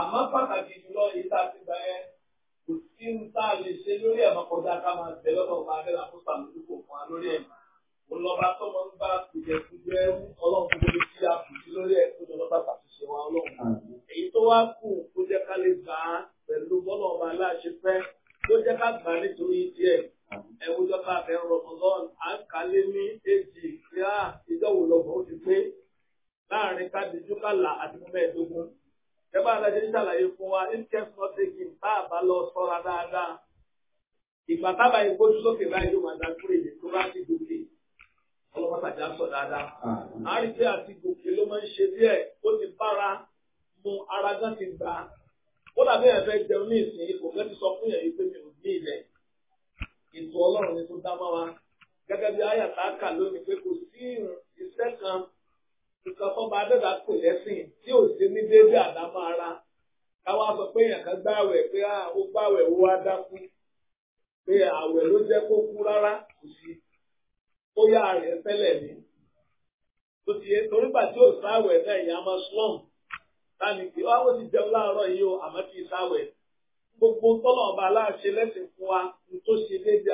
àmọ́ pàtàkì jùlọ yìí tá a ti gbà yẹn kò sí ń tá a lè ṣe lórí ẹ̀mọ́ kọjá ká máa bẹ̀ lọ́dọ̀ ọba abẹ́rẹ́ àkóso àmójúkò fún wa lórí ẹ̀ mo lọ bá tọ́mọ ń bá kùjẹ kùjẹ ọlọ́run tó lè fi àkùjẹ lórí ẹ̀ tó lọ bá ṣàtúnṣe wa ọlọ́run èyí tó wá kù kó jẹ́ ká lè gbà á pẹ̀lú bọ́lá ọba aláṣẹ fẹ́ ló jẹ́ ká gbà á nítorí díẹ̀ ẹ̀wù jọba ẹ̀ rọ̀mọ́lọ́ọ̀nù ń kalẹ̀ ní láàrin ká ká là àti mẹ́ẹ̀ẹ́dógún Ṣẹ́bà Adájọ́ ń ṣàlàyé fún wa interest not taken bá a bá lọ sọ́ra dáadáa. Ìgbà tábà ìgbójú lókè báyìí ló máa dákúrò èdè tó bá ti gòkè. Ọlọ́mọ́tàjà sọ dáadáa. Àrídé àti gòkè ló máa ń ṣe díẹ̀ ó ti bára mu ara gán ti gbà. Ó dàbí ẹ̀fẹ́ jẹun ní ìsìn kò fẹ́ ti sọ fún yẹn pé mi ò ní ilẹ̀. Ètò Ọlọ́run ni tó dá mọ́ wa. Gẹ́gẹ́ bí àyàtà kà lónìí pé kò sí iṣẹ́ kan nǹkan tó bá dẹ́dà kò lẹ́sìn tí ò sí ní déédéé àdámọ́ ara káwá sọ pé èèyàn kan gbààwẹ̀ pé ah, ó gbààwẹ̀ ó wá dákú pé àwẹ̀ ló jẹ́ kó kú rárá kò sí ó yá rẹ̀ tẹ́lẹ̀ ní. tó ti yẹ torí gbà tí ò sáwẹ̀ náà ìyá ah, o àmọ́ sáwẹ̀ gbogbo tọ́lọ̀ ọba aláṣẹ lẹ́sìn fún wa ní tó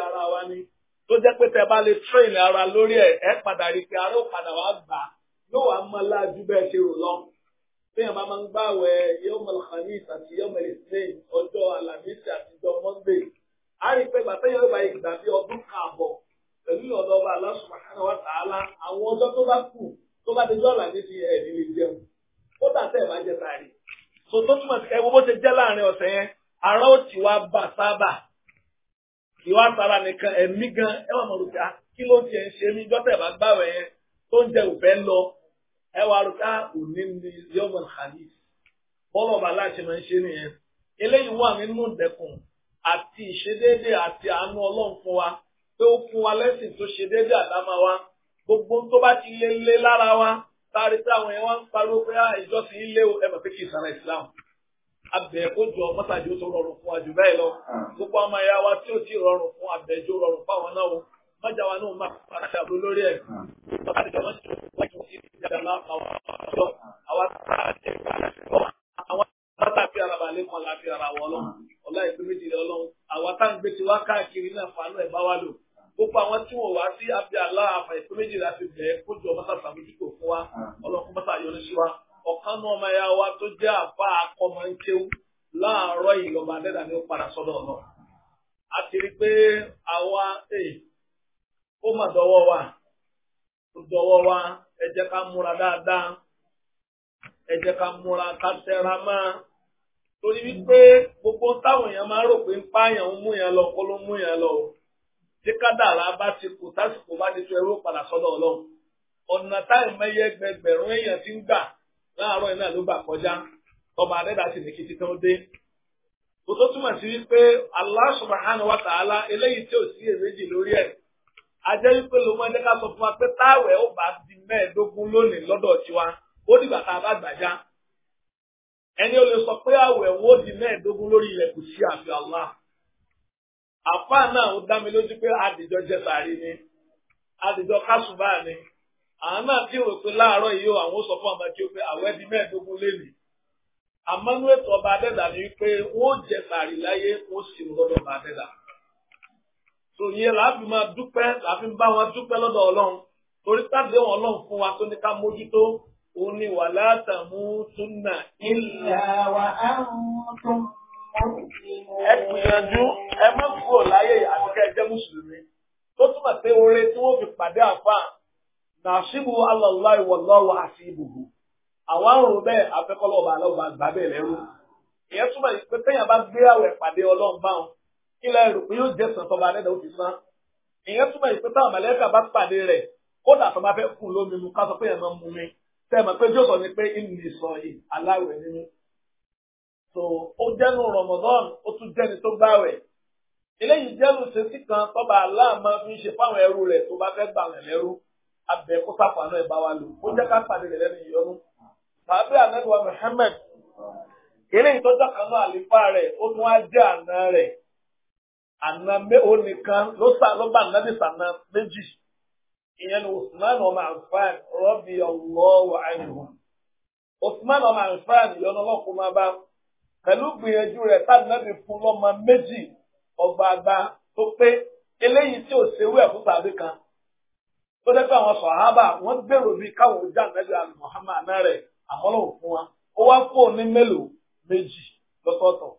ara wa ni tó jẹ́ pé tẹ bá ara lórí ẹ̀ ẹ́ padà rí pé yóò wá mọ láàjú bẹ́ẹ̀ ṣe rò lọ. Bẹ́ẹ̀ máa máa ń gbàwẹ̀ yọ́mọ Khamis àti yọ́mọ Ismail ọjọ́ Alamisi àti ọjọ́ Monday. A rí i pé bàtà yóò bá ìgbà bí ọdún kààbọ̀ pẹ̀lú ọ̀dọ̀ ọba Allah subhanahu wa ta'ala àwọn ọjọ́ tó bá kù tó bá ti jọ́ Alamisi ẹ̀rí lè jẹun. Ó dà tẹ́ ẹ̀ máa jẹ tààrí. Sọ tó túmọ̀ sí ẹwọ́ bó ṣe jẹ́ láàrin ọ̀sẹ̀ yẹn, ara ó ti wá bà sábà. Ìwà tara nìkan ẹ̀mí gan ẹ̀wọ̀n mọ̀lùkà kí ló ti ẹ̀ ń ṣe mí gbọ́tẹ̀ bá gbàwẹ̀ yẹn tó ń jẹ òfẹ́ lọ ẹ wá rò ká ah, òní ni yọmọ khalif bọ́lọ̀ bá láṣẹ máa ń ṣe nìyẹn eléyìí wà nínú ìdẹkùn àti ìṣedéédé àti àánú ọlọ́run fún wa pé ó fún wa lẹ́sìn tó ṣe déédé àdámá wa gbogbo tó bá ti lé lé lára wa sáré tí yẹn wá ń pariwo pé ah, ìjọsìn yìí ẹ mọ̀ pé kì í sára ìsìlámù abẹ kójọ mọ́tàdí ó tó rọrùn fún wa jù bẹ́ẹ̀ lọ ah. gbogbo ọmọ ẹ̀yà wa tí ó ti rọrùn fún abẹ́jọ́ rọrùn fún náà mọ́jà wa náà máa fara ṣàbò lórí ẹ̀. Bàbá àti ìjọba ṣe wá ju ìdíjàlá àwọn ọ̀dọ́ àwọn àti àwọn bàtà fi ara balẹ̀ kan láti ara wọ̀ lọ. Ọlá ìpín méjì rẹ̀ ọlọ́run. Àwọn táwọn gbé tiwa káàkiri náà fanú ẹ̀ bá wà lò. Gbogbo àwọn tí wọ́n wá sí abẹ́ àlá àfà ìpín méjì rẹ̀ àti bẹ̀ẹ́ kó jọ mọ́tà sàmójútó fún wa. Ọlọ́run mọ́tà yọrí sí wa. Ọ̀kan náà ọmọ ẹ̀yà wa tó jẹ́ àfa akọmọ ń kéwú láàárọ̀ ìlọ́ba adẹ́dà ni ó padà sọ́dọ̀ náà. A ti rí pé àwa ó mà dọwọ́ wa ó dọwọ́ wa ẹ jẹ́ ká múra dáadáa ẹ jẹ́ ká múra ká tẹra máa torí wípé gbogbo táwọn èèyàn máa ń rò pé ń pààyàn ń mú yẹn lọ kó ló ń mú yẹn lọ o tí kádàrá bá ti kù tásìkò bá ti tó ẹrú padà sọ́dọ̀ Ọlọ́run ọ̀nà táyì mẹ́yẹ gbẹgbẹ̀rún èèyàn ti ń gbà láàárọ̀ iná ló gbà kọjá ọba adẹ́dà sì ní kí títán dé kò tó túmọ̀ sí wípé Allah subhanahu wa ta'ala eléyìí tí ò sí èrèjì lórí ẹ̀ ajẹ́ wípé ló máa ń jẹ́ ká sọ fún wa pé táwẹ̀ ó bá di mẹ́ẹ̀ẹ́dógún lónìí lọ́dọ̀ tiwa ó dìgbà tá a bá sọ pé àwẹ̀ wo di mẹ́ẹ̀ẹ́dógún lórí ilẹ̀ kò sí àfi àfa náà ó dá mi pé àdìjọ ni àdìjọ kásùbà ni àwọn náà tí pé láàárọ̀ yìí àwọn ó sọ fún ọmọ kí ó pé àwẹ̀ di mẹ́ẹ̀ẹ́dógún lẹ́nu àmọ́ ètò ọba adẹ́dà ni wípé wọ́n jẹ láyé wọ́n sì lọ́dọ̀ ọba so ìyẹn làáfi máa dúpẹ́ làáfi bá wọn dúpẹ́ lọ́dọ̀ ọlọ́run torí sáde wọn ọlọ́run fún wa tó ní ká mójútó òun ni wà látàmú túnà ilà wà áhùn ẹ gbìyànjú ẹ má kúrò láyé àbíkẹ́ ẹjẹ́ mùsùlùmí tó túmọ̀ pé oore tí wọ́n fi pàdé àfa nàṣíbù alọ́lá ìwọ̀lọ́wọ́ àti ìbùkún àwa ń rò bẹ́ẹ̀ afẹ́kọ́lọ́ọ̀bà alọ́ọ̀bà gbà bẹ́ẹ̀ lẹ́rú ìyẹn túmọ̀ pé téèyàn kí lẹ rò pé yóò jẹ́ sàn tọ́ba adẹ́dàá ó fi san ìyẹn túmọ̀ ìpín táwọn mọ̀lẹ́kà bá pàdé rẹ̀ kódà tó bá fẹ́ kùn lómi mu ká sọ pé ẹ̀mọ́ mu mi tẹ́ẹ̀mọ̀ pé jọ́sọ̀ ni pé ìnì sọ yìí aláwẹ̀ nínú. tó ó jẹ́nu Ramadan ó tún jẹ́ni tó gbáwẹ̀ eléyìí jẹ́nu ṣèṣì kan tọ́ba aláàmọ́ fi ń ṣe fáwọn ẹrú rẹ̀ tó bá fẹ́ gbà wọ́n lẹ́rú abẹ kó sàfàánú ẹ̀ bá wa lò ó jẹ́ ká pàdé rẹ̀ lẹ́nu ìyọnu. tàbí ànágbà Muhammad eléyìí tó jàkánú àlífà rẹ̀ ó tún á jẹ́ àná rẹ̀ ana mme nìkan ló sà ló bá ànábì sànà méjì ìyẹn ni Usman ọmọ Affan rọ́bì ọlọ́wọ́ àìhùn Usman ọmọ Affan ìyọnu ọlọ́kùnrin máa bá pẹ̀lú gbìyànjú rẹ̀ tàbí fún lọ́mọ méjì ọgbà kan wa ó ni melo meji méjì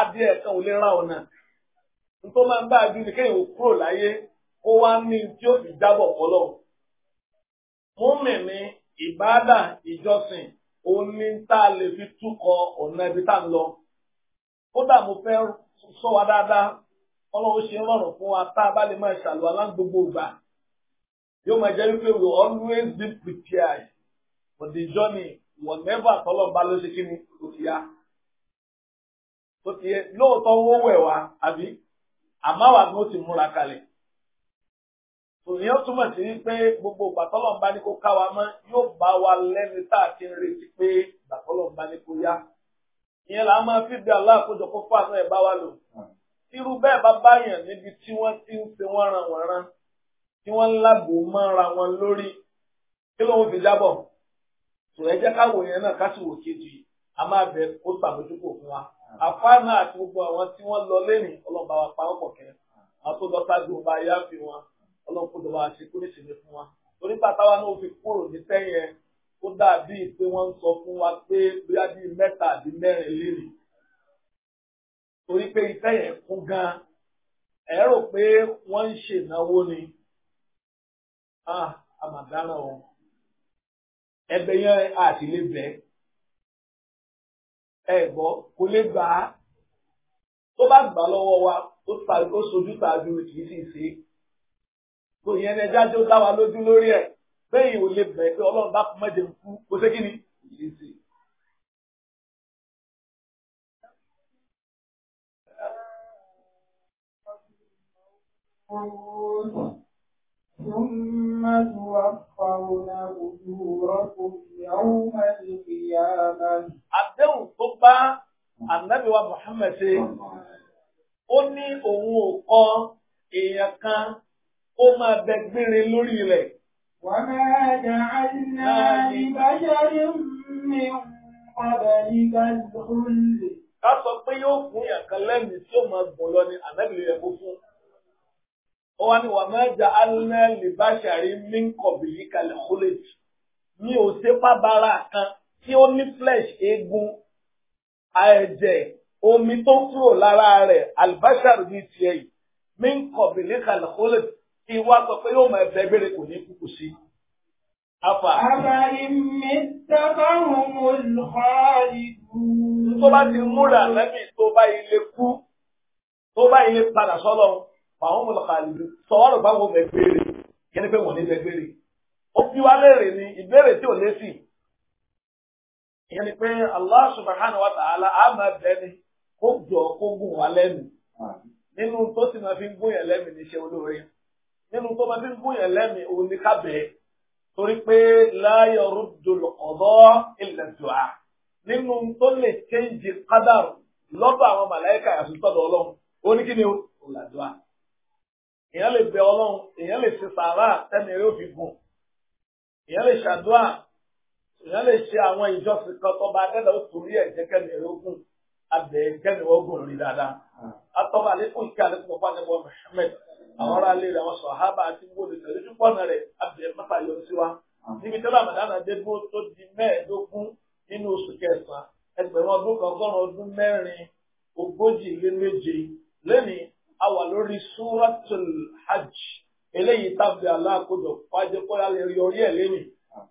adìẹ kan ò lè ra ọ̀nà nítorí máa ń bá a dún ní kéèyàn kúrò láyé kó wá ní tí ó fi jábọ̀ fọlọ́ mú mi ní ìbáàdà ìjọsìn òun ní tá a lè fi túkọ̀ ọ̀nà ibi tá a ń lọ kódà mo fẹ́ sọ wa dáadáa ọlọ́run ṣe rọrùn fún wa tá a bá lè máa ṣàlùwà láń gbogbo ìgbà yóò máa jẹ́ wípé we always be prepared for the journey whatever tọ́lọ̀ ń bá ló ṣe kí ni kò yá ó ti yẹ lóòótọ́ owó wẹ̀ wá àbí àmáwá ni ó ti múra kalẹ̀ tòyìn ó túmọ̀ sí pé gbogbo gbàtọ́lọ̀ ń bá ní kó ká wa mọ́ yóò bá wa lẹ́ni tá a ti ń retí pé gbàtọ́lọ̀ ń bá ní kó yá ìyẹn là á máa fi bí aláàkójọ kó fàánú ẹ̀ bá wa lò irú bẹ́ẹ̀ bá báyàn níbi tí wọ́n ti ń ṣe wọ́n ran wọ́n ran tí wọ́n ń lágbo mọ́ra wọn lórí kí ló ń fi jábọ̀ tòyẹ́ jẹ́ káwọ̀ yẹn náà ká sì wò kejì a máa bẹ kó ṣàbójútó fún wa. àfáànà àti gbogbo àwọn tí wọ́n lọ lẹ́yìn ọlọ́ba wa pa kẹ́ àwọn tó lọ sáájú wọn ọlọ́kùnrin wa ṣe kúrò fún wa torí pàtàwà náà fi kúrò ní tẹ́yẹ ó dàbí pé sọ fún wa pé bóyá bí mẹ́ta àbí mẹ́rin torí pé ìtẹ́yẹ kún gan pé wọ́n ń ni àmàdáràn ah, ẹgbẹ́ yẹn ẹ̀gbọ́ kò lè gbà á tó bá gbà lọ́wọ́ wa ó parí ó sojú tàbí kì í sì ṣe kò yẹn ẹja tó dá wa lójú lórí ẹ̀ bẹ́ẹ̀ ò lè bẹ̀rẹ̀ pé ọlọ́run bá fún mẹ́jẹ̀ ń kú kó ṣe kí ni kì í Thank you. ثم توفون أجوركم يوم القيامة àdéhùn tó bá Ànábì wa Muhammad ṣe ó ní òun ò kọ èèyàn kan ó máa bẹ gbére lórí rẹ̀. وما جعلنا لبشر من قبلك الخلد. ká sọ pé yóò fún yàn kan lẹ́mìí tí ó máa gùn lọ ní ànábìrì rẹ̀ kó fún ó wá ní wàmọ́ ẹja alẹ́ lè bá ṣàrí mínkọ̀bìlì kalẹ̀ kólẹ́jì mi ò kan tí ó ní flesh eegun ẹ̀jẹ̀ omi tó kúrò lára rẹ̀ alibashar ní tiẹ̀ yìí mínkọ̀bìlì kalẹ̀ kólẹ́jì tí wá sọ pé yóò máa bẹ gbére kò ní kúkú sí. Afa. Àbá ìmí dábàrún mo ìlú. Tó bá ti múra lẹ́mìí tó bá ilé kú, tó bá ilé padà sọ́lọ́run fàwọn mọlọkàlì sọwọ́rọ̀ báwo bẹ gbére kí ni pé wọ́n ní bẹ gbére ó fi wá léèrè ní ìbéèrè tí ò lésì ìyẹn ni pé Allah subhanahu wa ta'ala á máa bẹ ni kó jọ kó gùn wá lẹ́nu nínú tó sì máa fi ń gún yẹn lẹ́mìí ní iṣẹ́ olóore nínú tó máa fi ń gún yẹn lẹ́mìí òun ní kábẹ́ẹ́ torí pé láyọ̀ rúdùlù ọ̀dọ́ ilẹ̀ dùá nínú tó lè kéńjì kádàrú lọ́dọ̀ àwọn màláìka àti tọ́dọ̀ ọlọ́run ó ní kí ni ó làdùá èèyàn lè bẹ ọlọ́run èèyàn lè ṣe sàárà tẹ́ni eré òfin gùn èèyàn lè ṣàdúrà èèyàn lè ṣe àwọn ìjọsìn kan tó bá dẹ́dà ó torí ẹ̀ jẹ́ kẹ́ni eré ogun abẹ kẹ́ni ogun rí dáadáa atọ́ba àlékún kí àlékún ọ̀pá nípa Muhammad àwọn ará lè rẹ̀ àwọn sọ̀hábà àti gbòdì tẹ̀lé tó pọ̀nà rẹ̀ abẹ mẹ́fà yọ sí wa níbi tẹ́lá màdánà dé dúró tó di mẹ́ẹ̀ẹ́dógún nínú oṣù kẹsàn-án ẹgbẹ̀rún ọdún kan a wà lórí súratul hajj eléyìí tàbí aláàkójọ wájú kó lálẹ́ rí orí ẹ̀ lẹ́yìn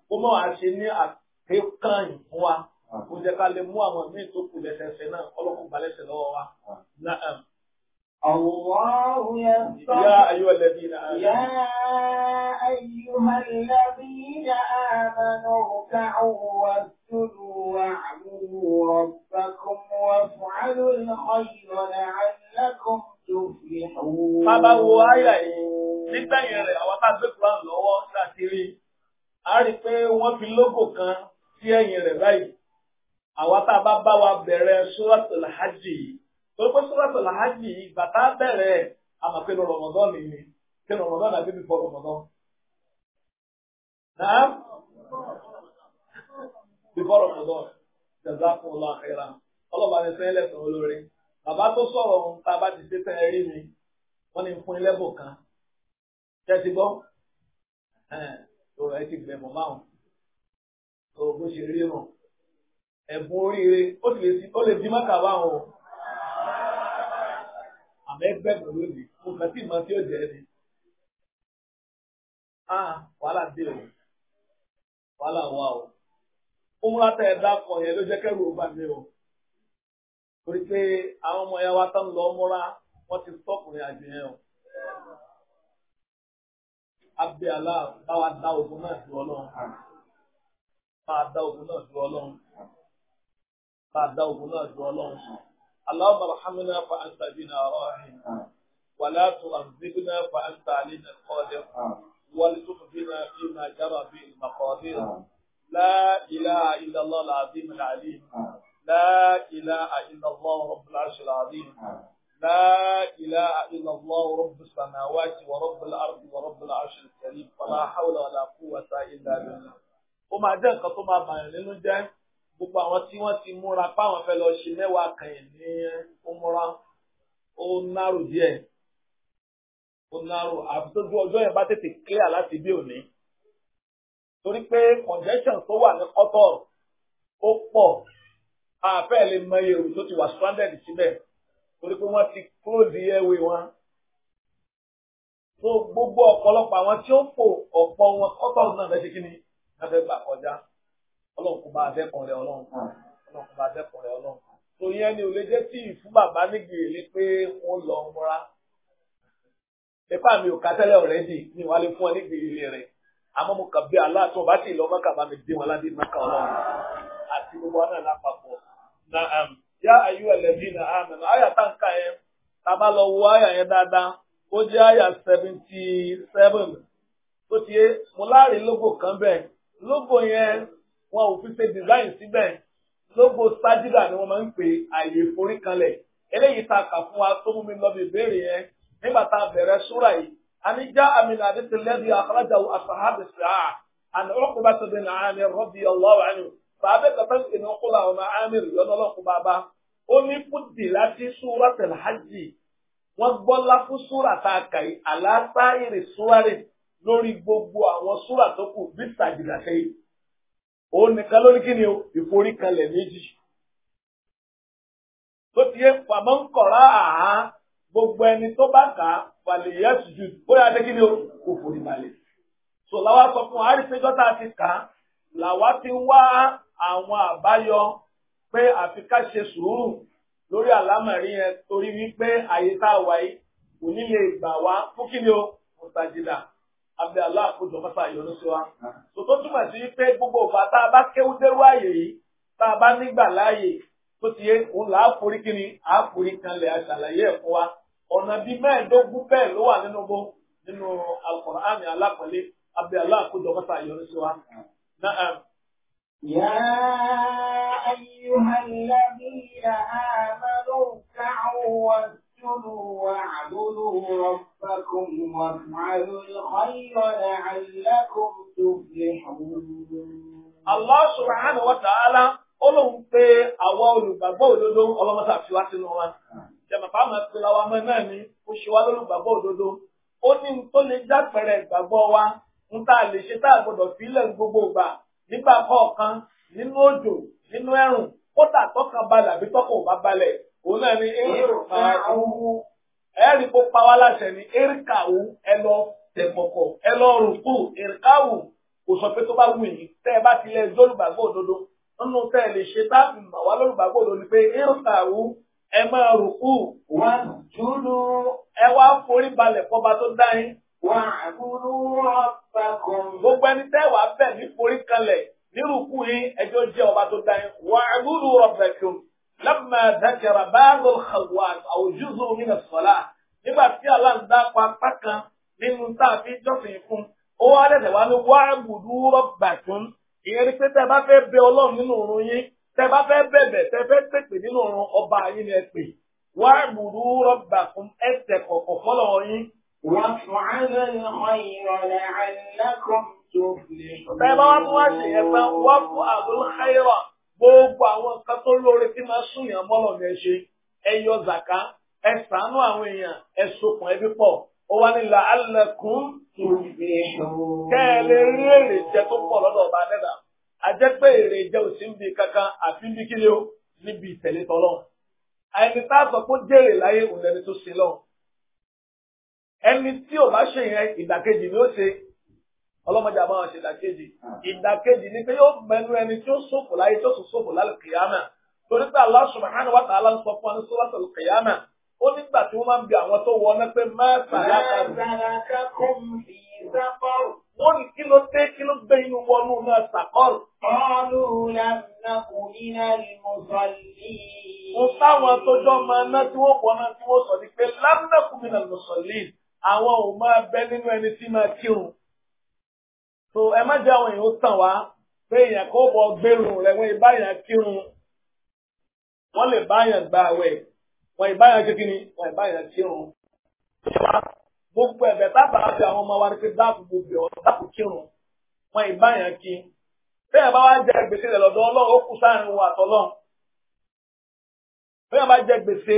kó mọ̀ á ṣe ní àkékàn fún wa ah. kó jẹ́ ká lè mú àwọn míì tó kù lẹ́sẹẹsẹ náà ọlọ́kùn balẹ̀sẹ̀ lọ́wọ́ wa. الله يصطفي يا أيها الذين آمنوا يا أيها الذين آمنوا اركعوا واسجدوا واعبدوا ربكم وافعلوا الخير لعلكم Bàbá wo àyà yìí nígbẹ̀yìn rẹ̀ àwọn tá a gbé Quran lọ́wọ́ láti rí. A rí i pé wọ́n fi lógò kan sí ẹ̀yìn rẹ̀ báyìí. Àwọn tá a bá bá wa bẹ̀rẹ̀ Suratul Hajj yìí. Torí pé Suratul Hajj yìí bàtà bẹ̀rẹ̀ àmàpinnu Ramadan nìyí. Kí Ramadan àbí mi fọ Ramadan? Nàá bí fọ Ramadan. Jazakumullahu khairan. Ọlọ́ba ni sẹ́yìn lẹ́sàn olórin bàbá tó sọ̀rọ̀ ohun tá a bá ti ṣe tán ẹ rí mi wọ́n ní fún ẹlẹ́bùn kan tẹ́ ti gbọ́ ẹ ti gbẹ̀mọ̀ máwọn bó ṣe rí ràn ẹ̀bùn oríire ó sì lè di mọ́ta báwọn o àmọ́ ẹgbẹ́ pẹ̀lú òbí mo kàn sí ìmọ̀ tí ó jẹ́ ni wàhálà dé o wàhálà wà o ó múra tẹ̀ ẹ̀ dákọ̀ yẹn ló jẹ́ kẹ́rù ó bà mí o torí pé àwọn ọmọ ìyá wa tó ń lọ mọ́ra wọ́n ti sọ́kùnrin àjò yẹn o. abẹ́ àlá báwa dá ogun náà ju ọlọ́run máa dá ogun náà ju ọlọ́run máa dá ogun náà ju ọlọ́run. اللهم ارحمنا فأنت بنا راحم ولا تؤذبنا فأنت علينا القادر ولتخزنا فيما جرى به المقادير لا إله إلا الله العظيم العليم لا إله إلا الله رب العرش العظيم لا إله إلا الله رب السماوات ورب الأرض ورب العرش الكريم ولا حول ولا قوة إلا بالله ó máa jẹ́ nǹkan tó máa bàyàn nínú jẹ́ gbogbo àwọn tí wọ́n ti múra páwọn fẹ́ lọ ṣe mẹ́wàá kẹ̀yìn ní ọmọra ó nárò díẹ̀ ó nárò àfi tó ju ọjọ́ yẹn bá tètè clear láti bí òní torí pé congestion tó wà ní kọ́tọ̀ ó pọ̀ àfẹ́ lè mọ iye òwú tó ti wà stranded síbẹ̀ torí pé wọ́n ti close the airway wọn. tó gbogbo ọ̀pọ̀lọpọ̀ àwọn tí ó fò ọ̀pọ̀ wọn kọ́tọ̀ọ̀sì náà fẹ́ ṣe kí ni wọ́n fẹ́ gbà kọjá ọlọ́run kò bá dẹ́kun rẹ ọlọ́run ọlọ́run kò bá dẹ́kun rẹ ọlọ́run. tó yẹn ni ò lè jẹ́ tí ìfún bàbá nígbèrè pé wọ́n lọ múra. ìfá mi ò ká tẹ́lẹ̀ ọ̀rẹ́dì ni wàá lè fún ọ nígbèrè rẹ̀ àmọ́ mo kàn bí aláàtọ̀ bá ti lọ́ mọ́kà bá mi dé wọn ládé mọ́kà ọlọ́run àti gbogbo ọ̀nà lápapọ̀ na am um, Ya ayú ẹlẹ́bí na àmín. Àyà aya nǹkan yẹn, tá a bá lọ wo àyà yẹn dáadáa, ó seven. Tó logo kan bẹ́ẹ̀. Lógò yẹn, wọn ò fi ṣe design síbẹ̀. Lógò sájídà ni wọ́n máa ń pè ta kà fún wa tó mú mi lọ bí ìbéèrè yẹn. Nígbà tá a bẹ̀rẹ̀ súrà yìí, já àmì bàbá bàbá sì ní kó làwọn amir yọ̀nà ọlọ́kùn bàbá ó ní fúdì láti súra tẹ̀láhàjì wọ́n gbọ́lá fún súra tá a kà yìí aláṣáìrì súwárì lórí gbogbo àwọn súra tó kù bí sàjìdàṣẹ́ yìí ó nìkan lórí kí ni o ìforíkalẹ̀ méjì tó ti yẹ pàmò ń kọ̀ra àhá gbogbo ẹni tó bá kà á falẹ̀ yẹ tùjú bóyá adé kí ni o kò forí balẹ̀ sọ̀lá wa sọ fún wa àrífẹ́jọ́ tá a ti kà á ti wá àwọn àbáyọ pé àfi ká ṣe sùúrù lórí àlámọ̀rí yẹn torí wípé àyè tá a wà yìí kò ní lè gbà wá fún kí ni o mùsàjìdà sí wa. gbogbo ọ̀fà tá a bá kéwú dérú àyè yìí tá a bá nígbà láàyè tó ti yé òun là á forí kí ni à á forí kanlẹ̀ àṣàlàyé ẹ̀ fún wa. Ọ̀nà يا أيها الذين آمنوا اركعوا واسجدوا واعبدوا ربكم وافعلوا الخير لعلكم تفلحون الله سبحانه وتعالى Ọlọ́run pé àwọn olùgbàgbọ́ òdodo ọlọ́mọta fi wá sínú wa. Jẹ̀mọ̀pá máa pe làwọn ọmọ náà ní ó ṣe wá lólùgbàgbọ́ òdodo. Ó ní n tó lè jápẹ̀rẹ̀ ìgbàgbọ́ wa, n tá a lè ṣe tá a gbọ́dọ̀ fi ilẹ̀ gbogbo ìgbà nígbà kọ̀ọ̀kan nínú òjò nínú ẹ̀rùn kódà tọ́kàn balẹ̀ àbí tọ́kàn ò bá balẹ̀ òun náà ni èrìkà òun ẹ̀rì kó pa wá láṣẹ ni èrìkà òun ẹ lọ tẹ̀kọ̀kọ̀ ẹ lọ rùkú èrìkà òun kò sọ pé tó bá wù yín tẹ́ ẹ bá ti lẹ lólùgbàgbọ́ òdodo nínú tẹ́ ẹ lè ṣe táàbù mà wá lólùgbàgbọ́ òdodo ni pé èrìkà òun ẹ máa rùkú wá jùlọ ẹ wá forí balẹ̀ fọba tó dá yín Gbogbo ẹni tẹ́ wàá bẹ̀ ní forí kalẹ̀ nírúkú yín ẹjọ́ jẹ́ ọba tó dá yín. Wa'budu rabbakum lamma dhakara ba'du al-khawat aw juz'un min as-salah. Nígbà tí Allah ń dá pa apá kan nínú tá a fi jọ́sìn fún. Ó wá lẹ́sẹ̀ wá ní wa'budu rabbakum. Ìyẹn ni pé tẹ́ bá fẹ́ bẹ Ọlọ́run nínú òrun yín. Tẹ́ وافعلوا الخير لعلكم تفلحون. bẹ́ẹ̀ bá wá fún àṣẹ yẹn fẹ́ wá fún àbúrò xayírọ̀ gbogbo àwọn nǹkan tó lóore tí máa sún yàn mọ́lọ̀ ní ẹ ṣe ẹ ẹni tá a sọ pé jèrè láyé òun lẹni tó sin lọ́wọ́ ẹni tí ò bá ṣe yẹn ìdàkejì ni ó ṣe ọlọ́mọdé àbáwọn ṣe ìdàkejì ìdàkejì ni pé yóò mẹnu ẹni tí ó ṣòfò láyé tí ó sì ṣòfò lálùkìyàmà torí pé Allah subhanahu wa ta'ala ń sọ fún ẹni sọ́wọ́ sọ̀lùkìyàmà ó nígbà tí wọ́n máa ń bi àwọn tó wọ ọ́nà pé má sàlákà kún fi saqar. wọ́n ní kí ló dé kí ló gbé inú wọnú náà saqar. qalu lam naku minal musallin. mo táwọn tó jọ máa ná tí wọ́n wọ náà tí wọ́n sọ ni pé lam naku minal musallin. àwọn ò máa bẹ nínú ẹni tí máa kírun so ẹ má jẹ́ àwọn èèyàn tàn wá pé èèyàn kò bọ gbèrú rẹ wọn ìbáyàn kírun wọn lè báyàn gba àwẹ̀ wọn ìbáyàn kékeré wọn ìbáyàn kírun gbogbo ẹ̀bẹ̀ tábà fi àwọn ọmọ wa pé dáàbò gbogbo dáàbò kí bá wọn bá jẹ gbèsè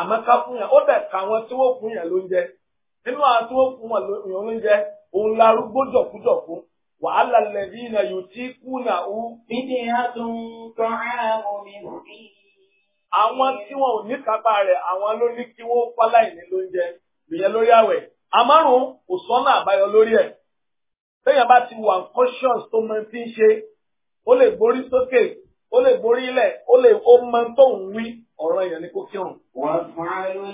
àmọ́ ká fún yàn ó dẹ̀ ká wọn tí wọ́n fún yàn lóúnjẹ nínú àwọn tí wọ́n fún yàn lóúnjẹ òun larúgbó jọ̀kújọ̀kú wàhálà lẹ́bí iná yóò tí kú náà ó. bíbí ha tó ń tọ́ ààrùn mi sí. àwọn tí wọn ò ní kápá rẹ̀ àwọn ló ní kí wọ́n fáláì ní lóúnjẹ ìyẹn lórí àwẹ̀ amárùn kò sọ́nà àbáyọ lórí ẹ̀ téèyàn bá ti wà conscious tó mọ ti ń ṣe ó lè borí sókè ó lè borí ilẹ̀ ó lè ó mọ tó ń wí ọ̀ràn yẹn ni kó kírun. wà á fún àlọ́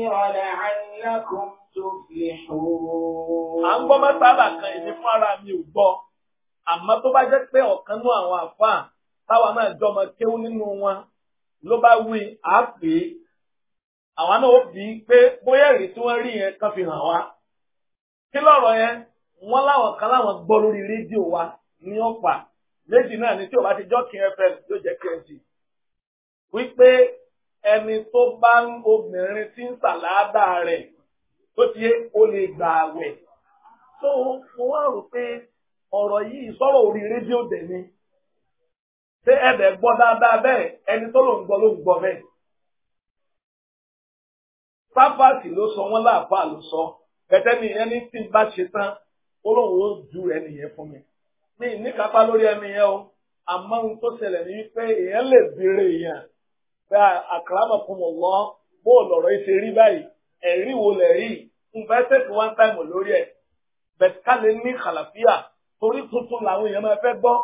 ìrọ̀lẹ́ àìlẹ́kùn tó fi ṣòro. à ń gbọ́ mọ́tàbà kan èmi fún ara mi ò gbọ́ àmọ́ tó bá jẹ́ pé ọ̀kan nú àwọn àfáà táwa náà jọmọ kéwú nínú wọn ló bá wí á pè é àwọn náà ó bí i pé bóyá èrè tí wọ́n rí yẹn kan fi hàn wá. kí lọ̀rọ̀ yẹn wọ́n láwọn kan láwọn gbọ́ lórí rédíò wa ní ọ̀pá méjì náà ni tí o bá ti jọ́ kfm yóò jẹ́ kfd wípé ẹni tó bá ń obìnrin tí ń sàládà rẹ̀ tó ti yé o lè gbà àwẹ̀ tó mo wá rò pé ọ̀rọ̀ yìí sọ̀rọ̀ orí rédíò dẹ̀ ni ṣé ẹ̀bẹ̀ gbọ́ dáadáa bẹ́ẹ̀ ẹni tó ló ń gbọ́ ló ń gbọ́ bẹ́ẹ̀ sáfàtì ló sọ wọn láàfáà ló sọ bẹ̀tẹ́ nìyẹn ní tí n bá ṣe tán ó lóun ó ju ẹnìyẹn fún mi mi ní kápá lórí ẹ̀mí yẹn o àmọ́ ohun tó ṣẹlẹ̀ ní pé èèyàn lè béèrè èèyàn pé àkàràmọ̀ fún mọ̀ lọ́ bó lọ̀rọ̀ yìí ṣe rí báyìí ẹ̀rí wo lẹ̀ rí nǹkan ẹsẹ̀ tí wọ́n ń tàìmù lórí ẹ̀ bẹ̀ẹ̀ ká lè ní kàlàfíà torí tuntun làwọn èèyàn máa fẹ́ gbọ́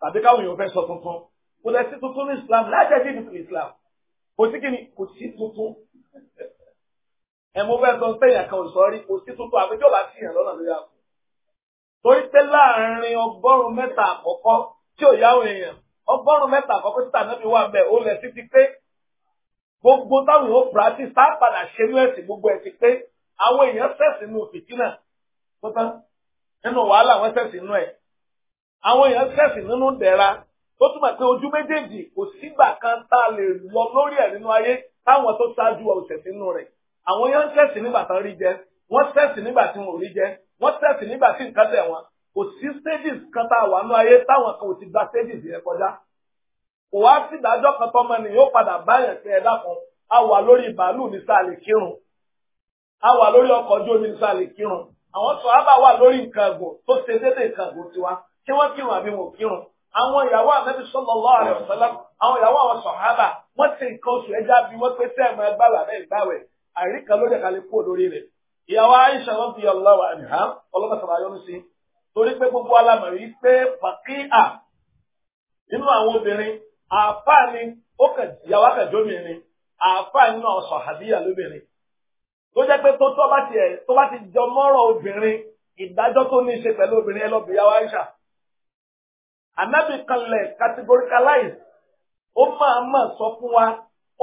tàbí káwọn èèyàn fẹ́ sọ tuntun kò lẹ́ tuntun ní Islam láti ẹ̀jẹ̀ ní Islam kò sí kíni kò sí tuntun ẹ̀ mo fẹ́ sọ sẹ́yìn àkànṣọ́rí kò sí tuntun àbíjọba sí yàn lọ́nà lóyà torí pé láàrin ọgọ́rùn-ún mẹ́ta àkọ́kọ́ tí ò yáwó èèyàn ọgọ́rùn-ún mẹ́ta àkọ́kọ́ títà náà fi wà bẹ́ẹ̀ ó lẹ̀ sí ti pé gbogbo táwọn èèyàn practice tá a padà ṣe ní ẹ̀sìn gbogbo ẹ̀ ti pé àwọn èèyàn sẹ̀sìn nù fìtínà tó tán nínú wàhálà wọn sẹ̀sìn nù ẹ̀ àwọn èèyàn sẹ̀sìn nínú dẹ̀ra tó túmọ̀ pé ojú méjèèjì kò sígbà kan tá a lè lọ lórí ẹ̀ nínú ayé táwọn tó ṣáájú wa ò rẹ̀ àwọn èèyàn sẹ̀sìn nígbà tán rí jẹ wọ́n sẹ̀sìn nígbà tí wọn rí jẹ wọ́n tẹ̀sí nígbà tí nǹkan tẹ̀ wọ́n kò sí stages kan tá a wà nínú ayé táwọn kan ò ti gba stages yẹn kọjá kò wá sí ìdájọ́ kan tọ́mọ ni yóò padà báyàn sí ẹ̀dá kan a wà lórí bàálù ní sáà lè kírun a wà lórí ọkọ̀ ojú omi ní sáà kírun àwọn sọ ábà wà lórí nǹkan ẹ̀gùn tó ṣe déédéé nǹkan ẹ̀gùn tiwa kí wọ́n kírun àbí wọn ò kírun àwọn ìyàwó ànábì sallallahu alaihi wasallam àwọn ìyàwó àwọn sọ̀hábà wọ́n ti nǹkan oṣù ẹja bí wọ́n pé sẹ́ẹ̀mọ ẹgbàwẹ̀ àbẹ́ ìgbàwẹ̀ àìríkan ló dẹ̀ ìyàwó Aisha radiyallahu anha ọlọ́mọsàrà ayọ́nu sí torí pé gbogbo alámọ̀ yìí pé pàkíà nínú àwọn obìnrin àáfàá ni ó kà ìyàwó akàjọ́mìnrin àáfàá nínú àwọn sọ̀hàbíyà lóbìnrin tó jẹ́ pé tó tọ́ bá ti ẹ̀ tó bá ti jọ mọ́rọ̀ obìnrin ìdájọ́ tó ní í ṣe pẹ̀lú obìnrin ẹlọ́bì ìyàwó Aisha anabi kanlẹ̀ categoricalize ó máa máa sọ fún wa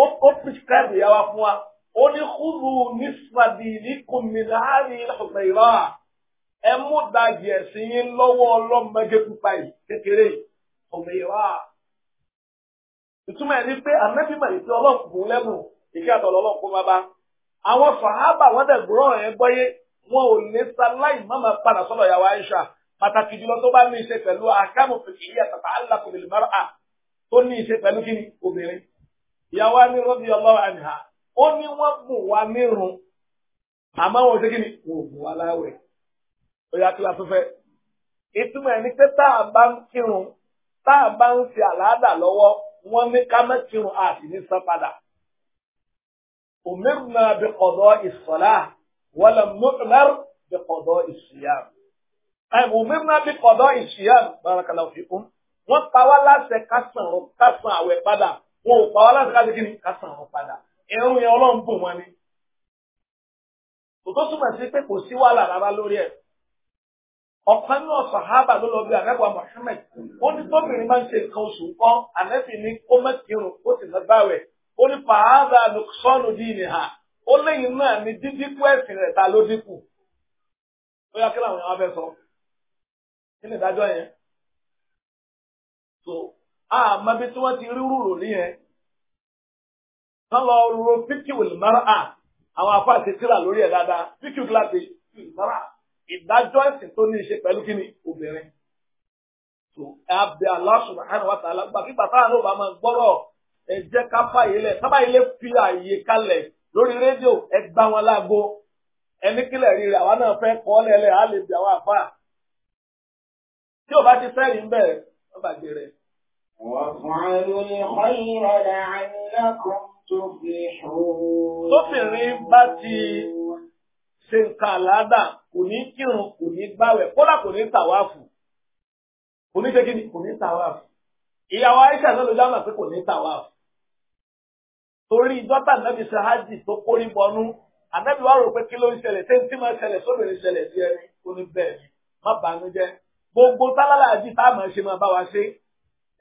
ó prescribe ìyàwó fún wa ó ní kúrú nísàdì níkùnmílá ní ìlànà ẹ mú dajì ẹ̀sìn yín lọ́wọ́ ọlọ́mọdé pupa yìí kékeré ọ̀mẹ̀yẹ̀wá. ìtumọ̀ ẹ̀ ní pé ànábì mọ̀ ìpè ọlọ́kùnkùn lẹ́bùn ìkẹ́ àtọ̀lọ́ ọlọ́kùnkùn bá bá. àwọn sàhábà wọ́n dẹ̀ gbọ́rọ̀ ẹ̀ gbọ́yé wọn ò ní sáláì mọ́mọ́ padà sọ́dọ̀ ìyàwó Aisha pàtàkì jùlọ tó bá ní í ṣe pẹ̀lú akáàmù ó ní wọ́n bùn wá nírun àmọ́ wọn ṣe kí ni wọ́n bùn wá láwẹ̀ ó yà kí la tó fẹ́. ìtumọ̀ ẹni pé tá a bá ń kírun tá a bá ń ṣe àlàádà lọ́wọ́ wọ́n ní ká má kírun a sì ní san padà. umirna bi qada'i s-salah wa lam nu'mar bi qada'i s-siyam. umirna bi qada'i s-siyam barakallahu fikum wọ́n pa wá láṣẹ kásán àwẹ̀ padà wọn pa wá láṣẹ kásán kásán àwẹ̀ padà. ẹ̀rùn yẹn ọlọ́run bò wọn ni o tó túmọ̀ sí pé kò sí wàhálà rárá lórí ẹ̀ ọ̀kan náà sàhábà ló lọ bí àrẹ́wà Muhammad ó ní tóbìnrin máa ń ṣe nǹkan oṣù kan ànẹ́fì ní mẹ́kìrún ó lọ bá rẹ̀ ó ní fàáza lùsọ́nù dì ní ha so àmọ́ bí tí wọ́n ti rí rúrò kán lọ ro fíkìwìl mara àwọn afọ àti tíra lórí ẹ̀ dáadáa fíkìwìl láti fíkìwìl mara ìdájọ́ ẹ̀sìn tó ní í ṣe pẹ̀lú kíni obìnrin. tó abẹ́ Allah subhanahu wa ta'ala gbàgbà táwọn ọba máa gbọ́rọ̀ ẹ jẹ́ ká fàyè lẹ̀ sábàyè lè fi àyè kalẹ̀ lórí rédíò ẹ gbá wọn láago ẹni kílẹ̀ rí rẹ̀ àwa náà fẹ́ kọ́ lẹ́lẹ̀ á lè bí àwọn àfà. tí ò bá ti sẹ́yìn ń bẹ̀rẹ̀ wọ́n bàjẹ́ rẹ̀. wọ́n fún àlùyẹ̀ tóbìnrin bá ti ṣe nǹkan àládà kò ní kírun kò ní gbàwẹ̀ kódà kò ní tàwáàfù kò ní ṣèkí kò ní tàwáàfù ìyàwó Aisha náà ló dáhùn pé kò ní tàwáàfù torí dọ́tà nàbì sahadi tó kórí bọnú ànábì wà rò pé kí ló ń ṣẹlẹ̀ ṣé ń tí máa ṣẹlẹ̀ sóbìnrin ṣẹlẹ̀ sí ẹni kò ní bẹ́ẹ̀ ni má bànújẹ́ gbogbo tálálà àjí tá a máa ṣe máa bá wa ṣe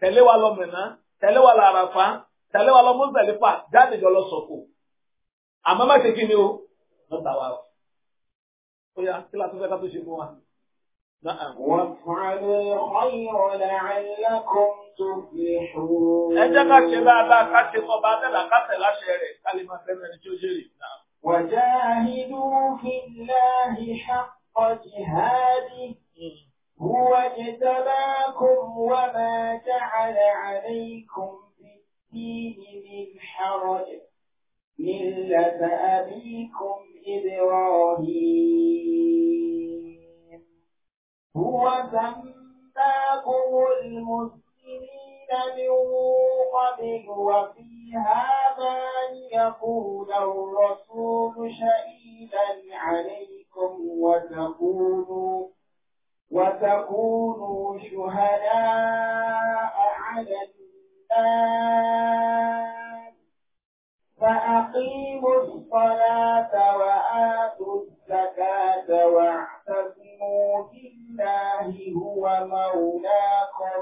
tẹ̀lé wa lọ mẹ̀ná tẹ̀lé wa làràfà tẹ̀lé wa lọ Muzdalifa jáde jọ lọ sọ̀kò àmọ́ má ṣe kí ni o wọ́n tà wá o. ó yá kí la tó fẹ́ ká tó ṣe fún wa. Ẹ jẹ́ ká ṣe dáadáa ká ṣe kọ́ bá dẹ́là ká tẹ̀ láṣẹ rẹ̀ ká lè máa fẹ́ràn ẹni tí ó jèrè. وجاهدوا في الله حق جهاده هو اجتباكم وما جعل عليكم فيه من حرج ملة أبيكم إبراهيم هو سماكم المسلمين من قبل وفي هذا ليكون الرسول شهيدا عليكم وتكونوا وتكونوا شهداء على الناس فأقيموا الصلاة وآتوا الزكاة واعتصموا بالله هو مولاكم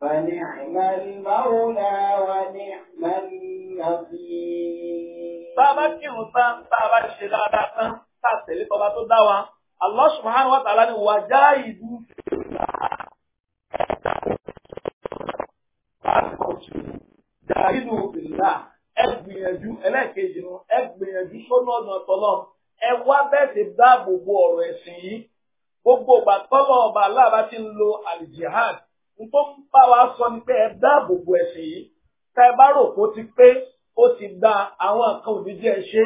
فنعم المولى ونعم النصير. بابا كيلو سان بابا شيلادا سان تاسلي بابا تو داوا الله سبحانه وتعالى وجاهدوا في الله fàákọ̀tù dàrínù ìlà ẹ gbìyànjú ẹlẹ́ẹ̀kejì nu ẹ gbìyànjú sọ́nà ọ̀nà tọ́lọ́ ẹ wá bẹ́ẹ̀ ti dáàbò bo ọ̀rọ̀ ẹ̀sìn yìí gbogbo ìgbà tọ́lọ̀ ọba aláàbá ti ń lo àlìjihad n tó ń bá wa sọ ni pé ẹ dáàbò bo ẹ̀sìn yìí tá ẹ bá rò kó ti pé ó ti gba àwọn nǹkan òbí jẹ́ ṣe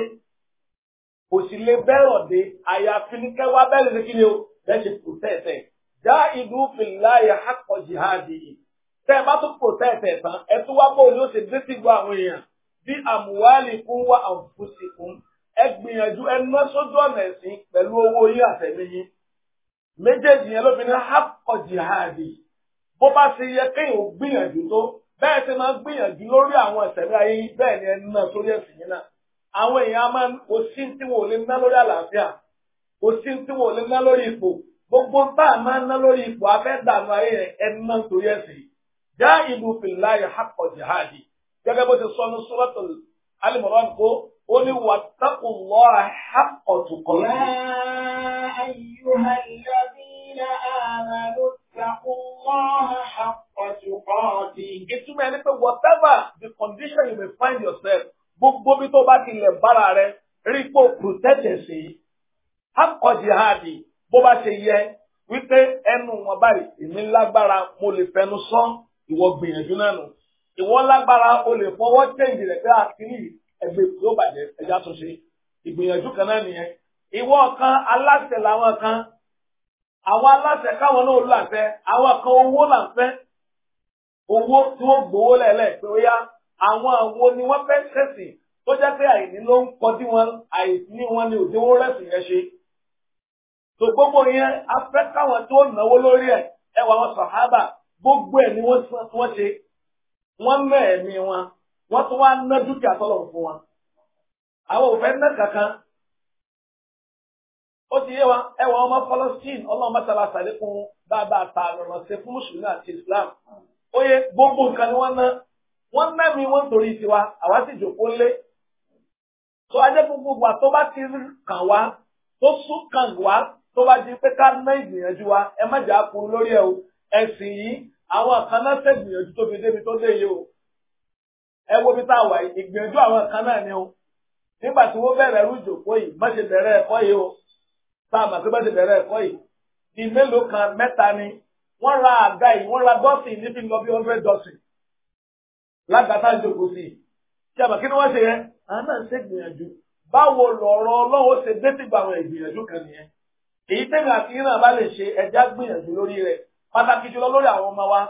kò sì lè bẹ́rọ̀ dé àyàfi ní kẹwàá bẹ́ẹ̀ lè kí ni o bẹ́ẹ̀ ṣe kò tẹ̀sẹ̀ já ìlú fìlà yà hàkọ̀ tẹ́ ẹ bá tún protect ẹ̀ tán ẹ tún wá bóun yóò ṣe dé sí gbọ́ àwọn èèyàn bí àmúwálì kún wá àǹfùsì kún ẹ gbìyànjú ẹ ná sójú ọ̀nà ẹ̀sìn pẹ̀lú owó yín àtẹ̀lé yín méjèèjì yẹn lóbìnrin hapkọ̀ jihadi bó bá ṣe yẹ kéèyàn gbìyànjú tó bẹ́ẹ̀ ṣe máa gbìyànjú lórí àwọn ẹ̀sẹ̀rẹ́ ayé bẹ́ẹ̀ ni ẹ ná sórí ẹ̀sìn yín náà àwọn èèyàn máa ń kò sí tí wọn ò lè ná lórí àlàáfíà kò sí tí wọn ò lè ná lórí ipò gbogbo bá a máa ná lórí ipò afẹ́ ayé ẹ̀ ná sórí ẹ̀sìn yìí jáìlú fìláyà hakọ̀ jihadi gẹ́gẹ́ bó ti sọ ní suratul Al-Imran kó ó ní wattaqullaha hakọ̀ tukọ̀. أيها الذين آمنوا اتقوا الله حق تقاته. Ìtumọ̀ ẹni pé whatever the condition you may find yourself, gbogbo bí tó bá ti lè bára rẹ̀ rí pé o protect ẹ̀ sí. Hakọ̀ jihadi bó bá ṣe yẹ wípé ẹnu wọn báyìí èmi lágbára mo lè fẹnu sọ ìwọ gbìyànjú náà nù ìwọ lágbára o lè fọwọ́ tẹ̀yìn rẹ̀ pé àkíní ẹgbẹ́ tó bàjẹ́ ẹja tó ṣe ìgbìyànjú kan náà nìyẹn ìwọ kan aláṣẹ làwọn kan àwọn aláṣẹ káwọn náà lò àṣẹ àwọn kan owó là ń fẹ́ owó tí wọ́n gbowó lẹ́lẹ̀ pé ó yá àwọn àwọn ni wọ́n fẹ́ ṣẹ̀sìn tó jẹ́ pé àìní ló ń kọjú wọn àìní wọn ni òdiwọ́ rẹ̀sìn yẹn ṣe tó gbogbo yẹn afẹ́ káwọn tó náwó lórí ẹ̀ ẹwà wọn sàhábà gbogbo ẹ̀ ni wọ́n ṣe wọ́n ná ẹ̀mí wọn wọ́n tún wá ná dúkìá tọ́lọ̀ fún wọn. àwọn ò ná kankan ó ti yé wa ẹwà ọmọ Palestine ọlọ́run mọ́tàlá dáadáa ta ṣe fún mùsùlùmí àti Islam ó gbogbo nǹkan ni wọn ná wọn ná mi wọ́n torí tiwa àwa sì jòkó lé tó gbogbo àtọ́ bá ti kàn wá tó sún kàn wá tó bá di pé ká ná wa ẹ ẹ̀sìn yìí àwọn kan náà ṣègbìyànjú tó fi débi tó dé yìí o ẹ wo bí tá a wà yìí ìgbìyànjú àwọn kan náà ni o nígbà tí wọ́n bẹ̀rẹ̀ rújò kó yìí má ṣe bẹ̀rẹ̀ ẹ̀kọ́ yìí o tá a mà pé má ṣe bẹ̀rẹ̀ ẹ̀kọ́ yìí di mélòó kan mẹ́ta ni wọ́n ra àga yìí wọ́n ra dọ́sìn níbi lọ bí hundred dọ́sìn lágbàtà ìjòkó sí i tí a mà kí ni wọ́n ṣe yẹn àwọn náà ń ṣègbìyànjú báwo lọ̀rọ̀ ọlọ́wọ́ ṣe dé sígbà àwọn ìgbìyànjú kan nìyẹn èyí tẹ́lẹ̀ àti yín náà bá lè ṣe ẹja gbìyànjú lórí rẹ̀ pàtàkì jùlọ lórí àwọn ọmọ wa